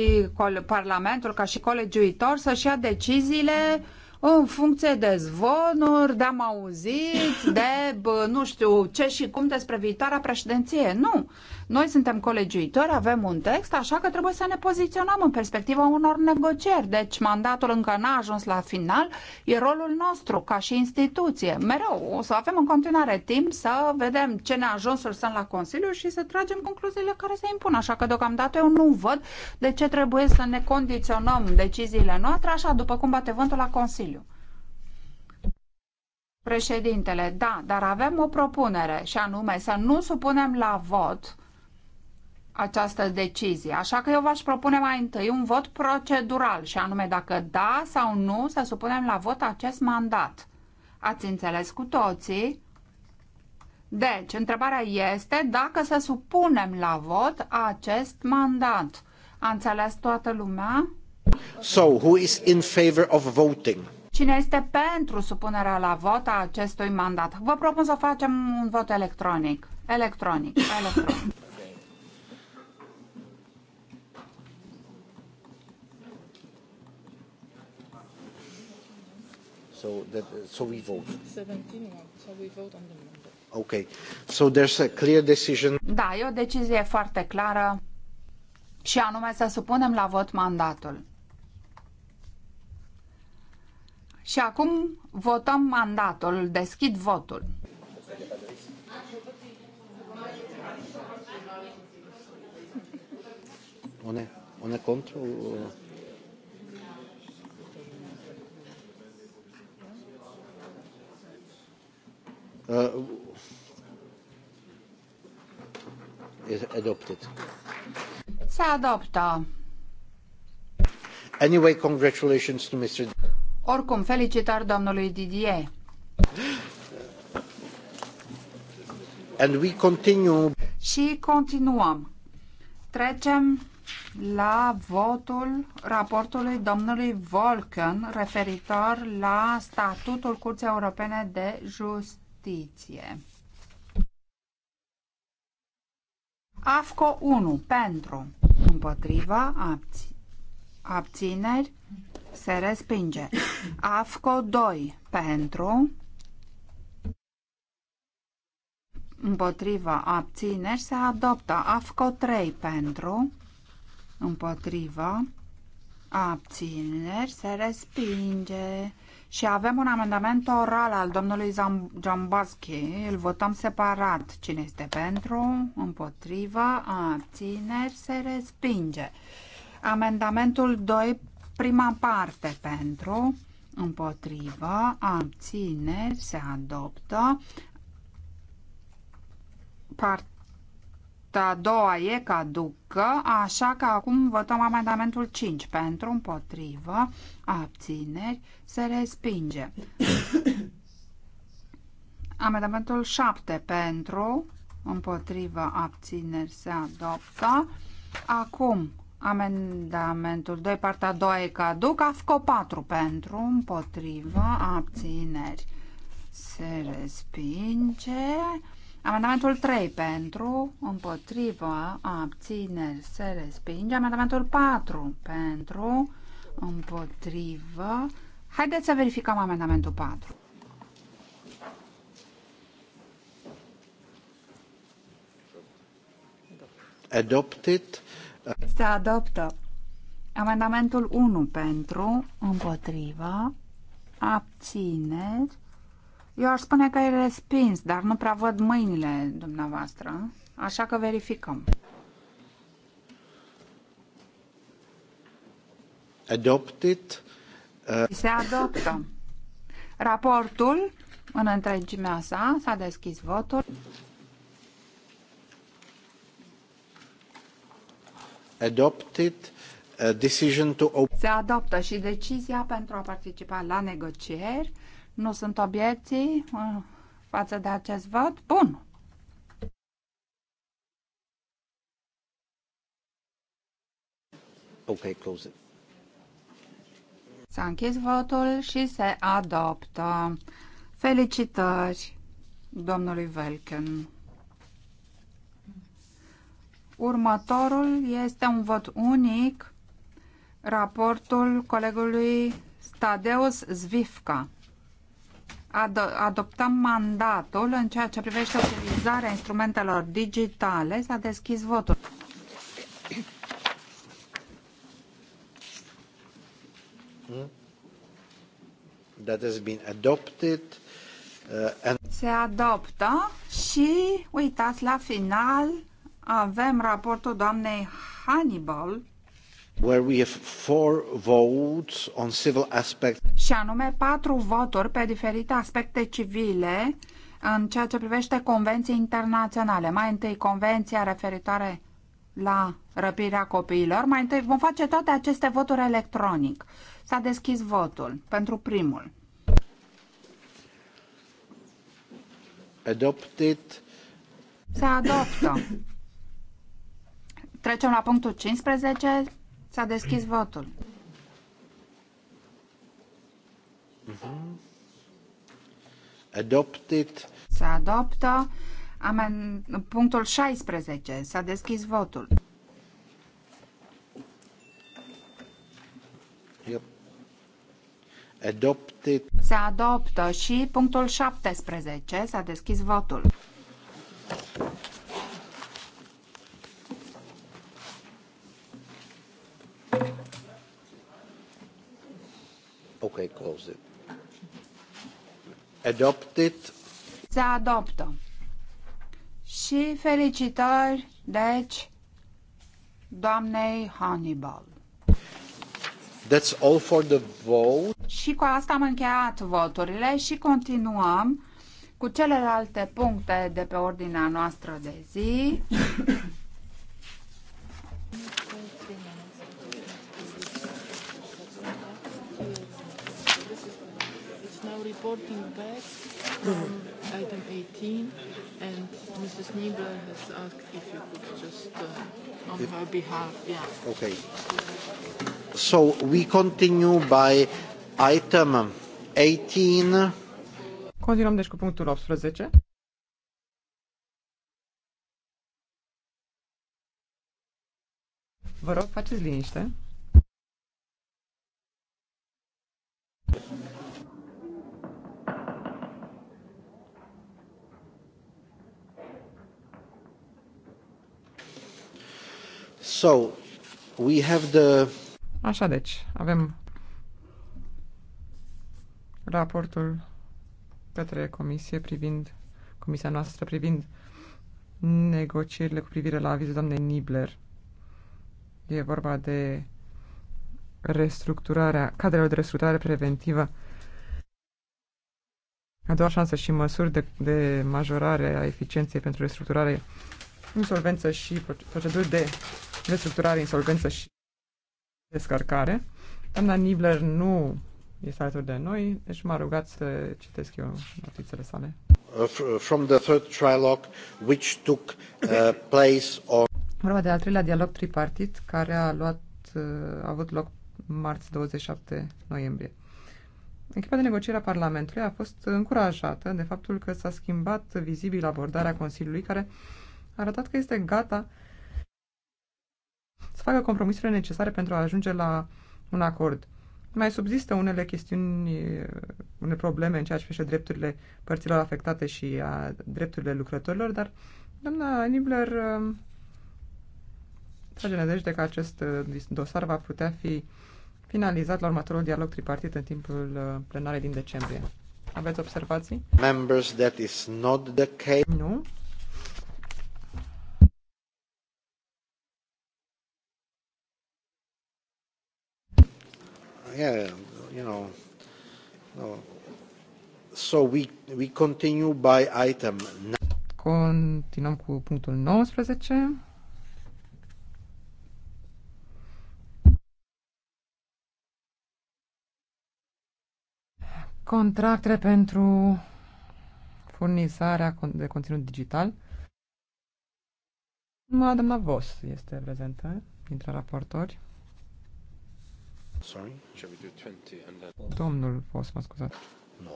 Parlamentul, ca și colegiuitor să-și ia deciziile în funcție de zvonuri, de am auzit, de bă, nu știu ce și cum despre viitoarea președinție. Nu! Noi suntem colegiuitori, avem un text, așa că trebuie să ne poziționăm în perspectiva unor negocieri. Deci mandatul încă n-a ajuns la final, e rolul nostru ca și instituție. Mereu o să avem în continuare timp să vedem ce ne ajuns să la Consiliu și să tragem concluziile care se impun. Așa că deocamdată eu nu văd de ce trebuie să ne condiționăm deciziile noastre așa după cum bate vântul la Consiliu. Președintele, da, dar avem o propunere și anume să nu supunem la vot această decizie. Așa că eu v-aș propune mai întâi un vot procedural și anume dacă da sau nu să supunem la vot acest mandat. Ați înțeles cu toții? Deci, întrebarea este dacă să supunem la vot acest mandat. A înțeles toată lumea? So, who is in favor of voting? Cine este pentru supunerea la vot a acestui mandat? Vă propun să facem un vot electronic. Electronic. Electronic. So, that, so we vote. 17, so we vote on the okay. So there's a clear decision. Da, e o decizie foarte clară și anume să supunem la vot mandatul. Și acum votăm mandatul, deschid votul. une une on uh... Uh, is adopted. Se adoptă. Anyway, congratulations to Mr. Oricum, felicitări domnului Didier. And we continue. Și continuăm. Trecem la votul raportului domnului Volken referitor la statutul Curții Europene de Justiție. Justiție. AFCO 1. Pentru. Împotriva. Abți abțineri. Se respinge. AFCO 2. Pentru. Împotriva. Abțineri. Se adoptă. AFCO 3. Pentru. Împotriva. Abțineri. Se respinge. Și avem un amendament oral al domnului Zambaschi. Îl votăm separat. Cine este pentru? Împotriva? Abțineri? Se respinge. Amendamentul 2, prima parte pentru, împotrivă, abțineri, se adoptă. Part a doua e caducă, așa că acum votăm amendamentul 5 pentru, împotrivă, abțineri, se respinge. amendamentul 7 pentru, împotrivă, abțineri, se adoptă. Acum, amendamentul 2, partea a doua e caducă, AFCO 4 pentru, împotrivă, abțineri, se respinge. Amendamentul 3 pentru, împotrivă, abțineri, se respinge. Amendamentul 4 pentru, împotrivă. Haideți să verificăm amendamentul 4. Adopted. Se adoptă. Amendamentul 1 pentru, împotrivă, abțineri, eu aș spune că e respins, dar nu prea văd mâinile dumneavoastră, așa că verificăm. Adopted. Uh... Se adoptă. Raportul în întregimea sa s-a deschis votul. Adopted. decision to... Se adoptă și decizia pentru a participa la negocieri nu sunt obiecții uh, față de acest vot? Bun. Okay, close it. S-a închis votul și se adoptă. Felicitări domnului Velken. Următorul este un vot unic, raportul colegului Stadeus Zvifka ad- adoptăm mandatul în ceea ce privește utilizarea instrumentelor digitale. S-a deschis votul. Hmm? That has been adopted. Uh, and... Se adoptă și, uitați, la final avem raportul doamnei Hannibal where we have four votes on civil aspects. Și anume patru voturi pe diferite aspecte civile în ceea ce privește convenții internaționale. Mai întâi convenția referitoare la răpirea copiilor. Mai întâi vom face toate aceste voturi electronic. S-a deschis votul pentru primul. Adopted. Se adoptă. Trecem la punctul 15 S-a deschis votul. Mhm. Adopted. Se adoptă. Amen, punctul 16. S-a deschis votul. Adopted. Se adoptă și punctul 17. S-a deschis votul. Ok, close it. Adopted. Se adoptă. Și felicitări, deci, doamnei Hannibal. That's all for the vote. Și cu asta am încheiat voturile și continuăm cu celelalte puncte de pe ordinea noastră de zi. reporting back from item 18, and Mrs. Niebler has asked if you could just, uh, on her behalf, yeah. Okay. So we continue by item 18. Continuăm deci cu punctul 18. Vă rog, faceți liniște. So, we have the... Așa deci, avem raportul către comisie privind, comisia noastră privind negocierile cu privire la avizul doamnei Nibler. E vorba de restructurarea, cadrelor de restructurare preventivă a doua șansă și măsuri de, de majorare a eficienței pentru restructurare, insolvență și proceduri de restructurare, insolvență și descărcare. Doamna Nibler nu este alături de noi, deci m-a rugat să citesc eu notițele sale. Uh, uh, from the third trilogue, which took uh, place on... Vorba de al treilea dialog tripartit, care a, luat, uh, a avut loc marți 27 noiembrie. Echipa de negociere a Parlamentului a fost încurajată de faptul că s-a schimbat vizibil abordarea Consiliului, care a arătat că este gata uh, să facă compromisurile necesare pentru a ajunge la un acord. Mai subzistă unele chestiuni, unele probleme în ceea ce privește drepturile părților afectate și a drepturile lucrătorilor, dar doamna Nibler um, trage nădejde că acest uh, dosar va putea fi finalizat la următorul dialog tripartit în timpul uh, plenarei din decembrie. Aveți observații? Members, that is not the case. Nu. yeah, you know, no. So we, we continue by item. Continuăm cu punctul 19. Contractele pentru furnizarea de conținut digital. Numai doamna Vos este prezentă dintre raportori. Domnul Vos, mă scuzați. No,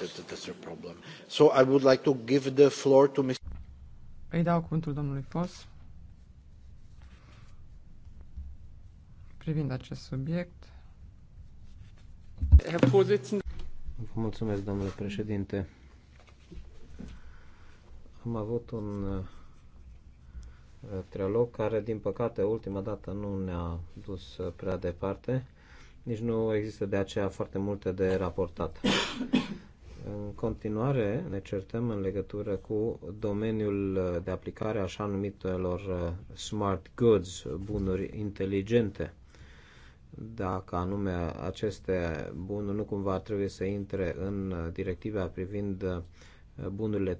that's a problem. So I would like to give the floor to Mr. Îi dau cuvântul domnului Fos privind acest subiect. Vă mulțumesc, domnule președinte. Am avut un uh, Uh, trilog, care din păcate ultima dată nu ne-a dus uh, prea departe. Nici nu există de aceea foarte multe de raportat. În continuare ne certăm în legătură cu domeniul uh, de aplicare așa numitelor smart goods, bunuri inteligente. Dacă anume aceste bunuri nu cumva ar trebui să intre în directiva privind bunurile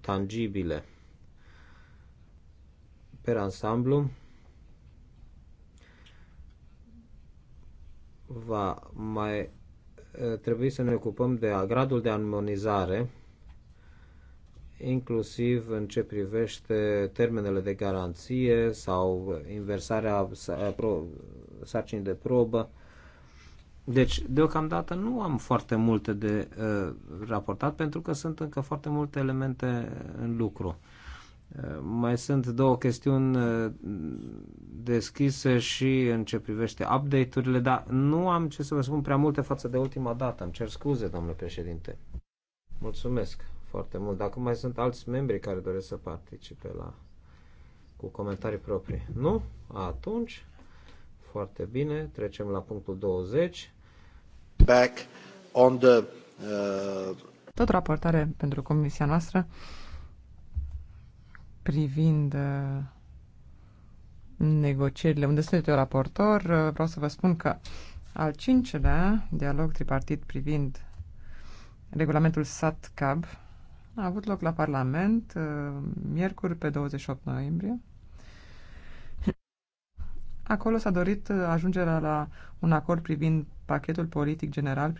tangibile per ansamblu va mai trebui să ne ocupăm de gradul de armonizare, inclusiv în ce privește termenele de garanție sau inversarea sarcinii de probă. Deci, deocamdată nu am foarte multe de uh, raportat pentru că sunt încă foarte multe elemente în lucru. Mai sunt două chestiuni uh, deschise și în ce privește update-urile, dar nu am ce să vă spun prea multe față de ultima dată. Îmi cer scuze, domnule președinte. Mulțumesc foarte mult. Dacă mai sunt alți membri care doresc să participe la cu comentarii proprii. Nu? Atunci, foarte bine, trecem la punctul 20. Back on the, uh... Tot raportare pentru comisia noastră. Uh, privind uh, negocierile unde sunt eu raportor, uh, vreau să vă spun că al cincelea dialog tripartit privind regulamentul SAT-CAB a avut loc la Parlament uh, miercuri pe 28 noiembrie. Acolo s-a dorit ajungerea la un acord privind pachetul politic general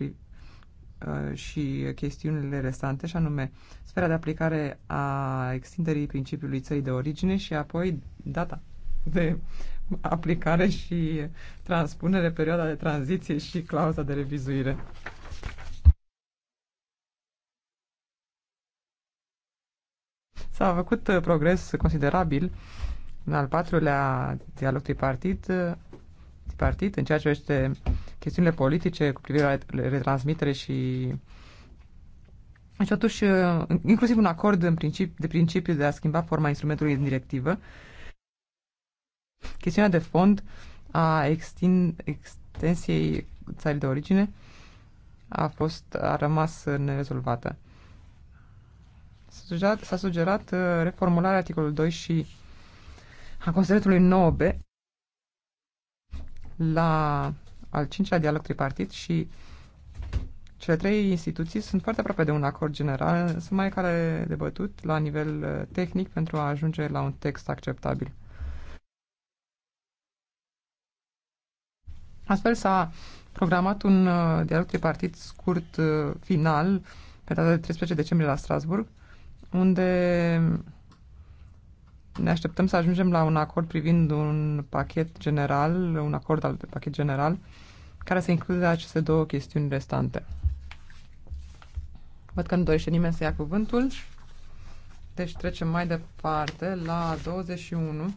Uh, și chestiunile restante, și anume sfera de aplicare a extinderii principiului țării de origine și apoi data de aplicare și transpunere, perioada de tranziție și clauza de revizuire. S-a făcut uh, progres considerabil. În al patrulea dialog tripartit uh, partid în ceea ce este chestiunile politice cu privire la retransmitere și și totuși, uh, inclusiv un acord în principi, de principiu de a schimba forma instrumentului în directivă, chestiunea de fond a extin, extensiei țării de origine a fost, a rămas nerezolvată. S-a sugerat, sugerat uh, reformularea articolului 2 și a consideratului 9b la al cincilea dialog tripartit și cele trei instituții sunt foarte aproape de un acord general, sunt mai care de bătut la nivel uh, tehnic pentru a ajunge la un text acceptabil. Astfel s-a programat un uh, dialog tripartit scurt uh, final pe data de 13 decembrie la Strasburg, unde ne așteptăm să ajungem la un acord privind un pachet general, un acord al pachet general, care să include aceste două chestiuni restante. Văd că nu dorește nimeni să ia cuvântul. Deci trecem mai departe la 21.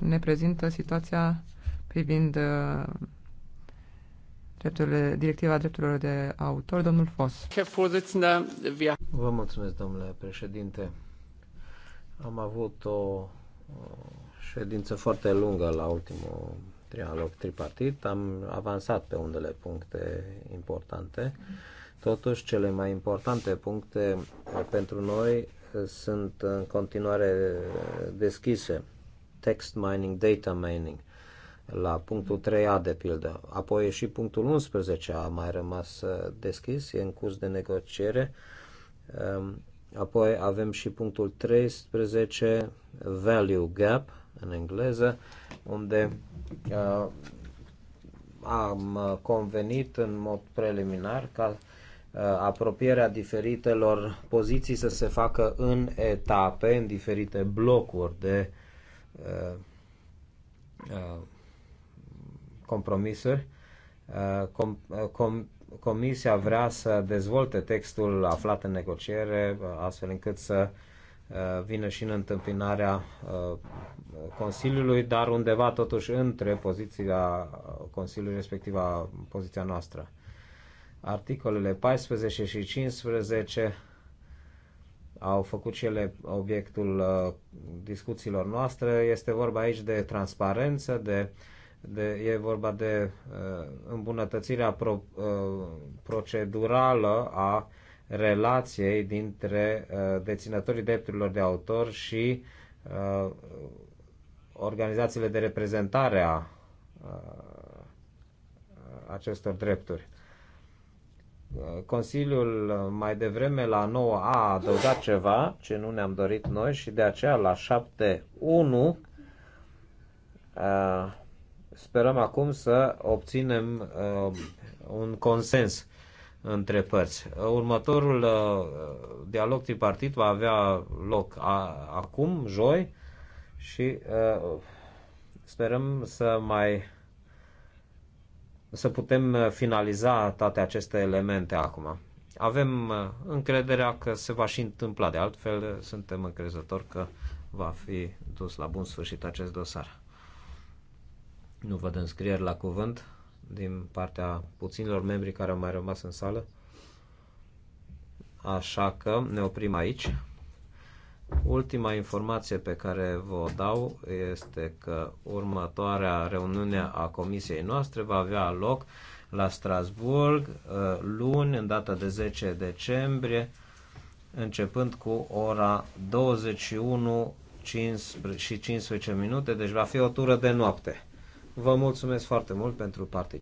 Ne prezintă situația privind uh, drepturile, directiva drepturilor de autor, domnul Fos. Vă mulțumesc, domnule președinte. Am avut o ședință foarte lungă la ultimul trialog tripartit. Am avansat pe unele puncte importante. Totuși, cele mai importante puncte eh, pentru noi eh, sunt în continuare eh, deschise. Text mining, data mining, la punctul 3A de pildă. Apoi și punctul 11 a mai rămas deschis, e în curs de negociere ehm, Apoi avem și punctul 13, value gap, în engleză, unde uh, am convenit în mod preliminar ca uh, apropierea diferitelor poziții să se facă în etape, în diferite blocuri de uh, uh, compromisuri. Uh, com, uh, com, Comisia vrea să dezvolte textul aflat în negociere, astfel încât să uh, vină și în întâmpinarea uh, Consiliului, dar undeva totuși între poziția Consiliului, respectiv a poziția noastră. Articolele 14 și 15 au făcut și ele obiectul uh, discuțiilor noastre. Este vorba aici de transparență, de uh, de, e vorba de uh, îmbunătățirea pro, uh, procedurală a relației dintre uh, deținătorii drepturilor de autor și uh, organizațiile de reprezentare a uh, acestor drepturi. Uh, Consiliul uh, mai devreme la 9 a adăugat ceva ce nu ne-am dorit noi și de aceea la 7.1 uh, Sperăm acum să obținem uh, un consens între părți. Următorul uh, dialog tripartit va avea loc acum, joi, și uh, sperăm să mai să putem finaliza toate aceste elemente acum. Avem încrederea că se va și întâmpla, de altfel suntem încrezători că va fi dus la bun sfârșit acest dosar. Nu văd înscrieri la cuvânt din partea puținilor membri care au mai rămas în sală. Așa că ne oprim aici. Ultima informație pe care vă dau este că următoarea reuniune a comisiei noastre va avea loc la Strasburg uh, luni, în data de 10 decembrie, începând cu ora 21 și 15 minute, deci va fi o tură de noapte. Vă mulțumesc foarte mult pentru parte.